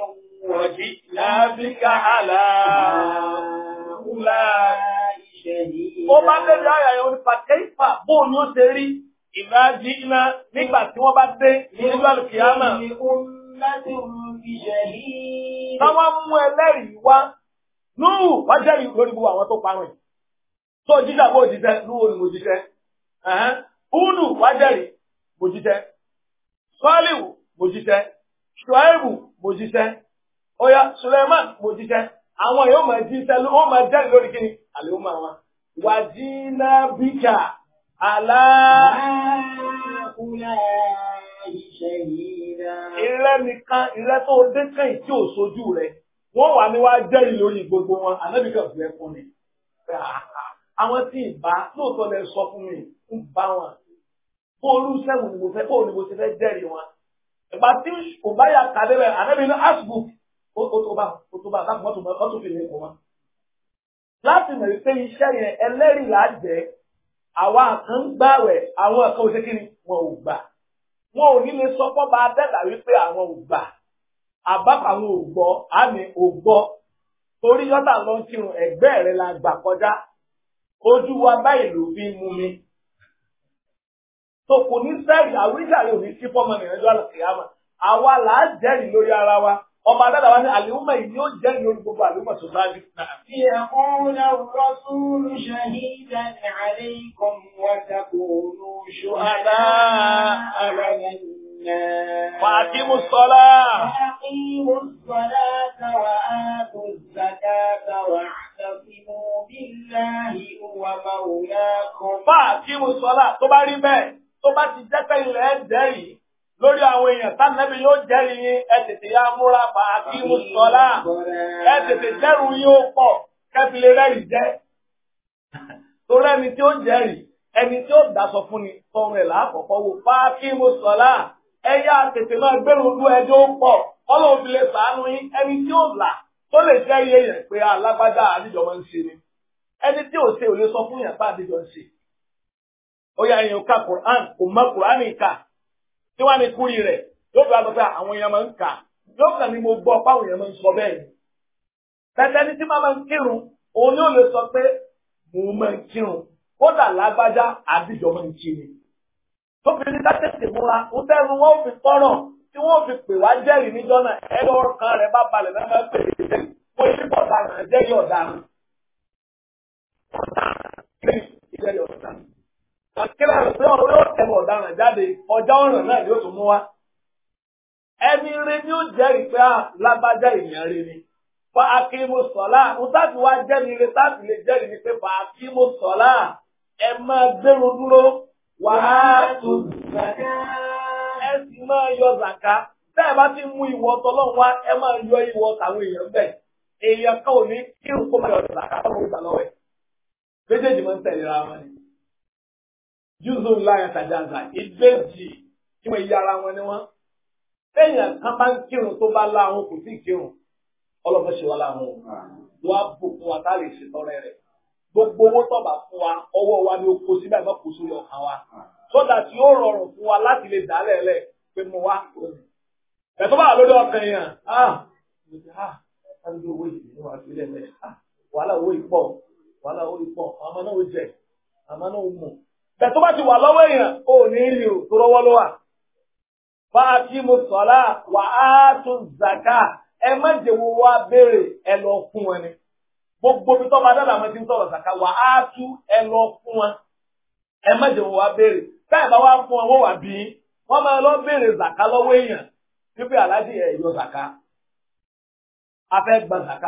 wọ̀jí lábíkà àlà ó bá bẹ̀rẹ̀ ayà yẹn nípa kẹ́yìpà bóun ni ó ṣe rí ìgbà jí iná nígbà tí wọ́n bá dé nínú àlùkìyámà. táwọn mú ẹlẹ́rìí wá núù wá jẹ́rìí lórí gbogbo àwọn tó parun yìí tó jíjà bó jíjẹ núù ni mo jíjẹ húnù wá jẹ́rìí mo jíjẹ sọ́ọ̀lì mo jíjẹ ṣùáìbù mo jíjẹ ọ̀yà sùlẹ̀mán mo jíjẹ àwọn yóò máa jí sẹ́lú ó máa jẹ́ lórí kíni àlè ó máa wá. wàjínà bíkà àlá. ìrẹ́ nìkan ìrẹ́ tó dé kẹ́yìn tí ò sojú rẹ̀ wọ́n wà ní wá jẹ́rìí lórí gbogbo wọn ànábì kan ẹkún ni. àwọn tí ìbá lóòótọ́ lẹ sọ fún mi ń bá wọn. bóòlù sẹ́wọ̀n ni mo fẹ́ bóòlù ni mo ti fẹ́ jẹ́rìí wọn. ìgbà tí kò bá yà kàdé rẹ̀ ànábì ní ó tó bá ó tó bá láti mọ́tò mọ́tò fi lè kó wọn. láti mọ̀ wípé iṣẹ́ yẹn ẹlẹ́rìí jẹ́ àwa kan gbàwẹ̀ àwọn kan ò ni wọn ò gbà wọn ò ní lè sọ fọ́ba adẹ́gbà wípé àwọn ò gbà àbápa àwọn ò gbọ́ àmì ò gbọ́ torí yọ́tà lọ ń kírun ẹ̀gbẹ́ rẹ̀ la gbà kọjá ojú wa báyìí ló fi ń mú mi tó kò ní sẹ́rì àwíjàre ò sí fọ́mọ nìyẹn lọ́la kìyàmà àwa là á jẹ́rìí lórí ara wa ọba dada wa ni àlùmọ̀ yìí yóò jẹ́ ní orí gbogbo àlùmọ̀ tó sáájú. Ìyàkúnlá rọ́súlù ṣahídà ní àlẹ́ ikọ̀ wàtàkùnú ṣùhàdá ara nìyà. Fàákì Mùsọ́lá. Fàákì Mùsọ́lá tàwa ààbò zàkà tàwa àtàkìmù bíláhi wà máwùlá kan. Fàákì Mùsọ́lá tó bá rí bẹ́ẹ̀ tó bá ti jẹ́ pé ilẹ̀ ẹ̀ lórí àwọn èèyàn sánàbí yóò jẹ́rìí yín ẹ tètè yá múra pa akíwù sọlá ẹ tètè jẹ́rù yín ó pọ̀ kẹ́fìlẹ̀ rẹ̀ jẹ́ torí ẹni tí ó jẹ́rìí ẹni tí ó dasọ fún ni tọrọ ẹ̀ láàkọ́kọ́ wò pa akíwù sọlá ẹ yá tètè máa gbẹ̀rù ojú ẹjọ́ ó pọ̀ kọ́lọ́ òfin lè sàánú yín ẹni tí ó là tó lè jẹ́ iye yẹn pé alágbádá àdìjọ máa ń ṣe ni ẹni tí ò ṣe ò lè sọ fún yàn pé àdìjọ ń ṣe ó yà ẹ̀yìn ká Kùránì kò mọ Kùránì ká tí wọ́n á ní kúrì rẹ̀ yóò fi àgbàgbà àwọn èèyàn máa ń kà yóò kàn ní mo gbọ́ páwọn èèyàn máa ń sọ bẹ́ẹ̀ ni. tẹ̀tẹ̀ ní tí máa máa ń kírun òun yóò lè sọ pé mo máa ń kírun kódà lágbájá àbíjọ máa ń kí ni. tó fi ní dátẹ́sì múra ó tẹ́nu wọn ò fi tọ́rọ̀ tí wọ́n fi pè wá jẹ́rìí níjọ́ náà ẹgbẹ́ ọkàn rẹ̀ bá balẹ̀ àkíláàrọ̀ pé orí yóò tẹ̀wọ̀ ọ̀daràn jáde ọjọ́ ọ̀ràn náà yóò tún mú wa ẹni rẹ ni ó jẹ́rìí pé à ah, lábájá èèyàn rí ni. fa tàbí lè ni pé fa akímo sọ̀lá ẹ máa dúró ẹ sì máa yọ tẹ́ ẹ bá ti mú ìwọ wá ẹ máa yọ ìwọ tàwọn èèyàn bẹ̀ èèyàn kan ò ní kí n ẹ̀ méjèèjì máa ń tẹ̀lé ra wọn ni. júùsù ńlá yẹn tàjàǹzà ìbéjì tí wọ́n yí ara wọn ni wọ́n. Téèyàn kan bá ń kírun tó bá láhùn kò sí kírun ọlọ́mọ ṣe wá láhùn ló wá bùkún wa tá a lè ṣètọrẹ rẹ̀. Gbogbo owó tọ́ba fún wa ọwọ́ wa ni ó kó síbẹ̀ mọ́ kó sórí ọkàn wa. Sọ́dà tí ó rọrùn fún wa láti lè dálẹ̀ lẹ̀ pé mo wá. Ẹ̀tọ́ bá lórí ọkàn yẹn, ah, ah owó yìí ni wàá fi lẹ́lẹ̀, ah, wàhálà owó ìpọ̀, wàhálà owó ìpọ̀, àmọ́ náà ó jẹ, bẹ̀ bá ti wà lọ́wọ́ èèyàn ò ní rí o tó rọwọ́ ló bá a ti mo sọ̀lá wà á tún ẹ má wa béèrè ẹ wọn ni. gbogbo mi tọ́ ma dábàá àwọn ti ń sọ̀rọ̀ zàká wà á ẹ lọ fún wọn. wa béèrè táyà bá wá fún wọn wọ́n wà bí wọ́n máa lọ béèrè lọ́wọ́ èèyàn ẹ̀ yọ a fẹ́ gba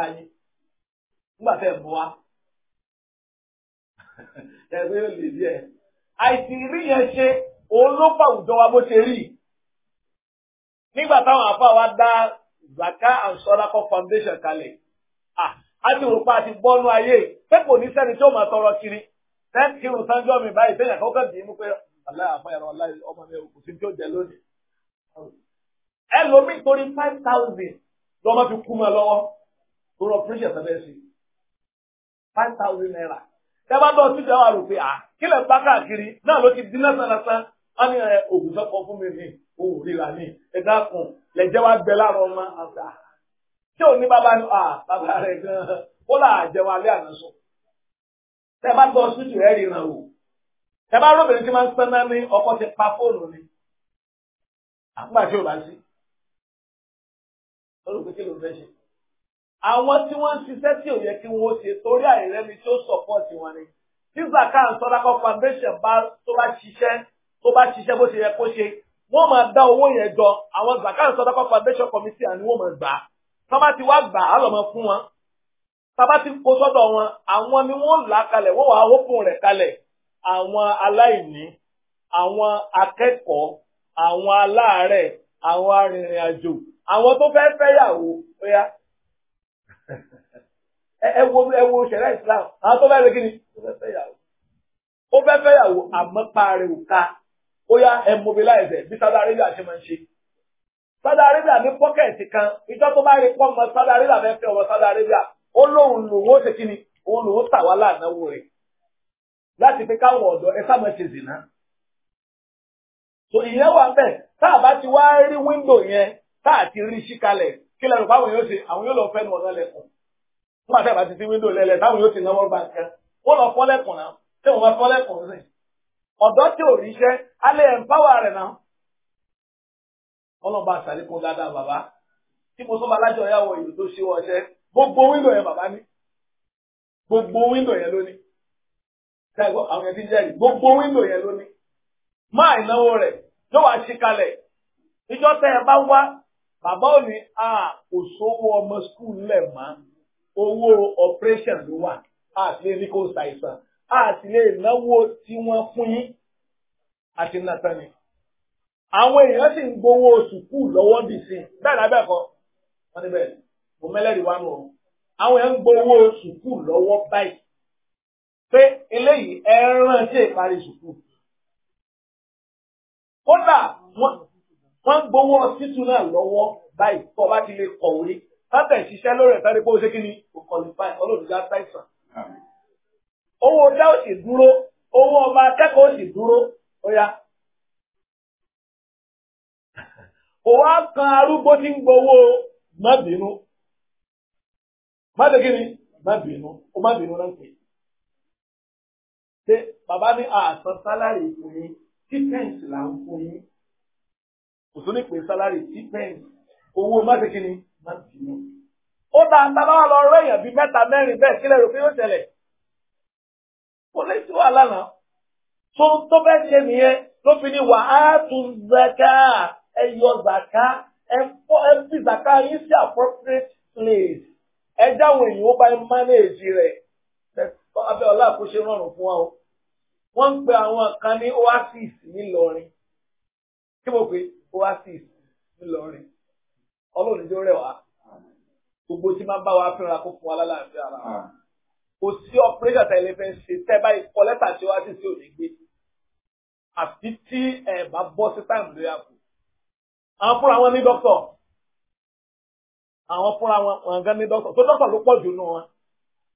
àìsí rí yẹn ṣe òun ló pa àwùjọ wa bó ṣe rí nígbà táwọn àfa wa dá zaka and sọdakọ foundation kalẹ̀ Ah, òrùpa àti bọ́nú ayé pé kò ní sẹ́ni tí ó máa tọrọ kiri tẹ́kìrù sanjọ́ mi báyìí tẹ́yà kọ́kọ́ bì í mú pé aláàfáà ẹ̀rọ ọmọ mi kò sí tí ó jẹ lónìí. ẹlòmíì torí five thousand lọ́mọ fi kú mọ́ lọ́wọ́ tó rọ píríṣẹ̀ sẹ́fẹ́ five thousand naira tẹ́bá lọ sí ìjọba rò pé à kílẹ̀ bá káàkiri náà ló ti dín lásán lásán wọ́n ní oògùn tó kọ fún mi ní òwò rírà ní ẹ̀dá kan lẹ́jẹ̀ wá gbẹ láàárọ̀ ọmọ àgbà tí ò ní bàbá ní à bàbá rẹ̀ gan-an ó là jẹun alẹ́ àná sùn tẹ́bá lọ sí ìjọba rẹ̀ rìnrìn o tẹ́bá lóbìnrin tí máa ń sáná ní ọkọ ti pa fóònù ni àgbà tí ò bá sí olùkọ́ kí ló fẹ́ ṣe àwọn tí wọ́n ń ṣiṣẹ́ tí ò yẹ kí wọ́n ṣe torí àìrẹ́mi tí ó sọ̀pọ̀tì wọn ni tí zaka and sọdakọ foundation bá tó bá ṣiṣẹ́ tó bá ṣiṣẹ́ bó ṣe yẹ kó ṣe wọ́n máa dá owó yẹn jọ àwọn zaka and sọdakọ foundation committee àni wọ́n máa gbà á tọ́ba ti wá gbà á lọ́mọ fún wọn tọ́ba ti kó sọ́dọ̀ wọn àwọn ni wọ́n là kalẹ̀ wọ́n wàá hópin rẹ̀ kalẹ̀ àwọn aláìní àwọn akẹ́kọ̀ọ́ àwọn aláàárẹ̀ àwọn arìnrìn àjò àwọn tó fẹ́ fẹ́yàwó ó yá ẹ wo ẹ wo ṣẹlẹ̀ Islam àwọn tó fẹ́ẹ́ kí ni ó fẹ́ẹ́ fẹ́ yàwó ó fẹ́ẹ́ fẹ́ yàwó àmọ́ parí òka ó yá ẹ mobilize ẹ bí Saudi Arabia ṣe máa ń ṣe Saudi Arabia ní pọ́kẹ̀tì kan ìjọ tó bá rí pọ́nmọ Saudi Arabia fẹ́ fẹ́ ọmọ Saudi Arabia ó lóun lòun ó ṣe kí ni òun lòun tà wá láàánáwó rẹ̀ láti fi káwọn ọ̀dọ́ ẹ sá máa ṣe zìnà so ìyẹn wà ń tá a bá ti wá rí wíńdò yẹn tá a ti rí sí kí lẹ́nu fáwọn yóò ṣe àwọn yóò lọ fẹ́ nu ọ̀nà lẹ́kùn nígbà tí a bá ti sí wíńdò lẹ́lẹ̀ táwọn yóò ti náwó gba nǹkan ó lọ fọ́ lẹ́kùn náà tí wọ́n bá fọ́ lẹ́kùn sí ọ̀dọ́ tí ò ríṣẹ́ alẹ́ ẹ̀mpáwà rẹ̀ náà ọlọ́ba àṣàlékún dáadáa bàbá tí mo sọ́ba alájọ ya wọ ìlú tó ṣe ọṣẹ gbogbo wíńdò yẹn bàbá ní gbogbo wíńdò yẹn lóní ṣàgbọ́ àwọn yẹn ti jẹ́rìí gbogbo wíńdò yẹn lóní máa ìnáwó rẹ̀ yóò wá ṣí kalẹ̀ ìjọ tẹ́ ẹ bá wá bàbá ò ní a kò sówó ọmọ skul lẹ̀ mọ́ owó operation ló wà a sì lè ní kó ṣàìsàn a sì lè náwó tí wọ́n fún yín àti nàtàn ni. àwọn èèyàn sì ń gbowó sùkúù lọ́wọ́ bì sí i bẹ́ẹ̀ lábẹ́ ẹ̀kọ́ wọ́n níbẹ̀ kò mẹ́lẹ́rìí wá nù o àwọn èèyàn ń gbowó sùkúù lọ́wọ́ báyìí pé eléyìí ẹ rántí ìparí sùkúù. kódà wọ́n. wọ́n ń gbowó títún náà lọ́wọ́ báyìí tó bá ti lè kọ̀wé látà ìṣiṣẹ́ lórí ẹ̀ta qualify owó dá ò sì dúró owó ọba akẹ́kọ̀ọ́ sì dúró ó kan arúgbó tí ń gbowó má bínú má bàbá ní sálárì kò tó ní pè sálárì tí pẹ́ẹ́n owó mọ́tìkìnì má ti mú. ó ta àtàbá lọ rọ èèyàn bíi mẹ́ta mẹ́rin bẹ́ẹ̀ kílẹ̀ rò pé yóò tẹ̀lẹ̀. kò lè tí wà lánàá tó tó fẹ́ ṣe nìyẹn ló fi ní wà á tún zaka ẹ yọ zaka ẹ fọ ẹ fi zaka yín sí appropriate place ẹ jáwọ èèyàn ó bá ẹ manage rẹ̀ abẹ́ ọlá àkóṣe rọrùn fún wa o wọ́n ń pe àwọn kan ní oasis ńìlọrin kí mo pe oasis ńlọrin ọlọ́run tó rẹ̀ wá gbogbo tí máa ń bá wa fínra kó fún wa lálàáfíà ara wa kò sí ọpẹ́rẹ́tà tá ilé ṣe tẹ́ báyìí kọ lẹ́tà tí oasis yóò ní gbé àti tí ẹ̀ bá bọ́ sí táìmù lóyà kù àwọn fúnra wọn ní dókítọ̀ àwọn fúnra wọn wọn gan ní dókítọ̀ tó dókítọ̀ ló pọ̀ jù nù wọn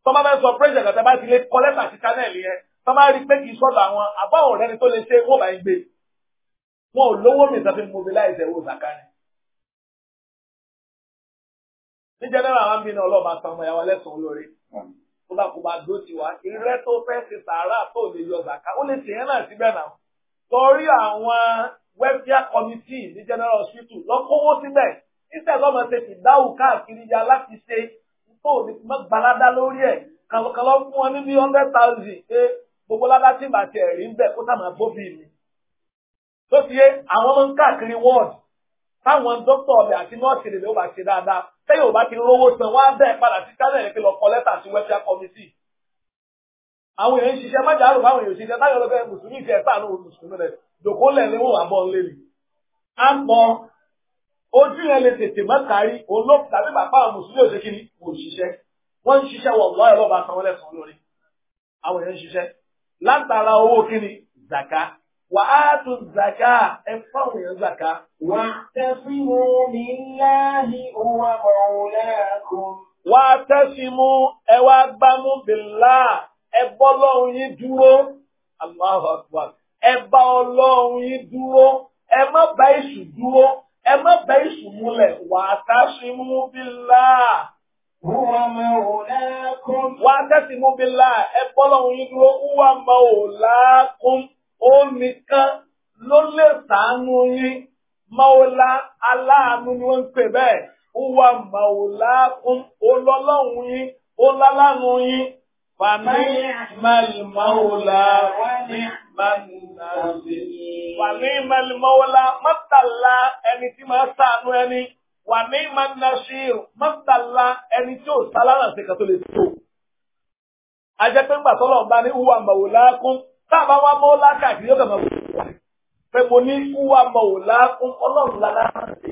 tọ́ba bá sọ pẹ́sẹ̀ kàtà bá ti lé kọ́lẹ́tà sí kánẹ́ẹ̀lì yẹn tọ́ba rí pé kì í sọ́dọ̀ àwọn àbáwọn ọ̀rẹ́ni tó lè ṣe wọ́n bá ń gbé wọn ò lówó mi sọfí mobilize ẹwọ zakari ní general àwọn mi náà ọlọ́ọ̀bá san ọmọ ìyàwó tó bá bá dó tó fẹ́ sàárà tó lè yọ ó lè náà síbẹ̀ náà torí àwọn ní general hospital síbẹ̀ níṣẹ́ lọ́mọ ṣe ya láti ṣe tó ní gbalada lórí fún wọn ní bí hundred thousand gbogbo ládá tí màá ti ẹ̀rí ń bẹ̀ tó ti yé àwọn ọmọ ń káàkiri wọ́ọ̀dù táwọn dókítà ọ̀bẹ àti nọ́ọ̀sì rẹ̀ ló bá ṣe dáadáa tẹ́yìn ò bá ti rówó san wọ́n á bẹ́ẹ̀ padà sí channel kí lọ kọ lẹ́tà sí wẹ́tíà kọ́mítì. àwọn èèyàn ń ṣiṣẹ́ májàrú báwọn èèyàn ṣiṣẹ́ táyọ̀ lọ́gbẹ́ mùsùlùmí ìfẹ́ sàánú mùsùlùmí rẹ̀ jòkó lẹ̀ ní wọn àbọ̀ ńlẹ̀ rí. a mọ ojú yẹn lè tètè má kárí olóòkú tàbí bàbá ni kò ṣiṣẹ́ wọ́n ń ṣiṣẹ́ wọ̀ lọ́yọ̀ lọ́ba sanwó-ẹlẹ́sàn lórí àwọn èèyàn ń ṣiṣẹ́ látara owó kí wà á tu zàká ẹ fáwọn èèyàn zàká. wà á tẹ́sí mu billahi wà á kọ̀ọ̀lẹ́kùn. wà á tẹ́sí mu. lákún táàbá wa mọ́ lákàkiri yóò kàmá wò pé mo ní kú wa mọ̀ ò lákún ọlọ́run la lárànṣe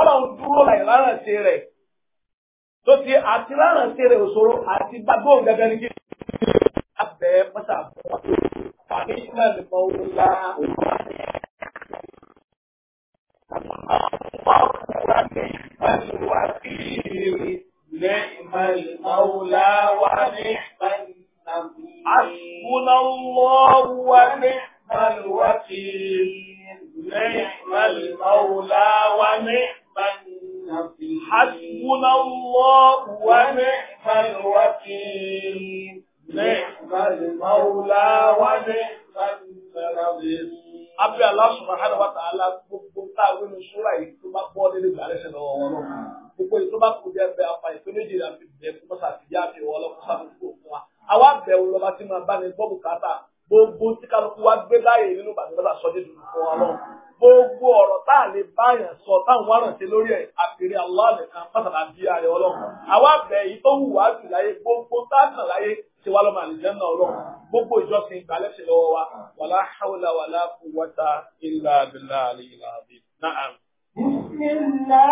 ọlọ́run dúró láì lárànṣe rẹ̀ tó ti àti lárànṣe rẹ̀ òṣòro àti gbàgbọ́ gẹ́gẹ́ ní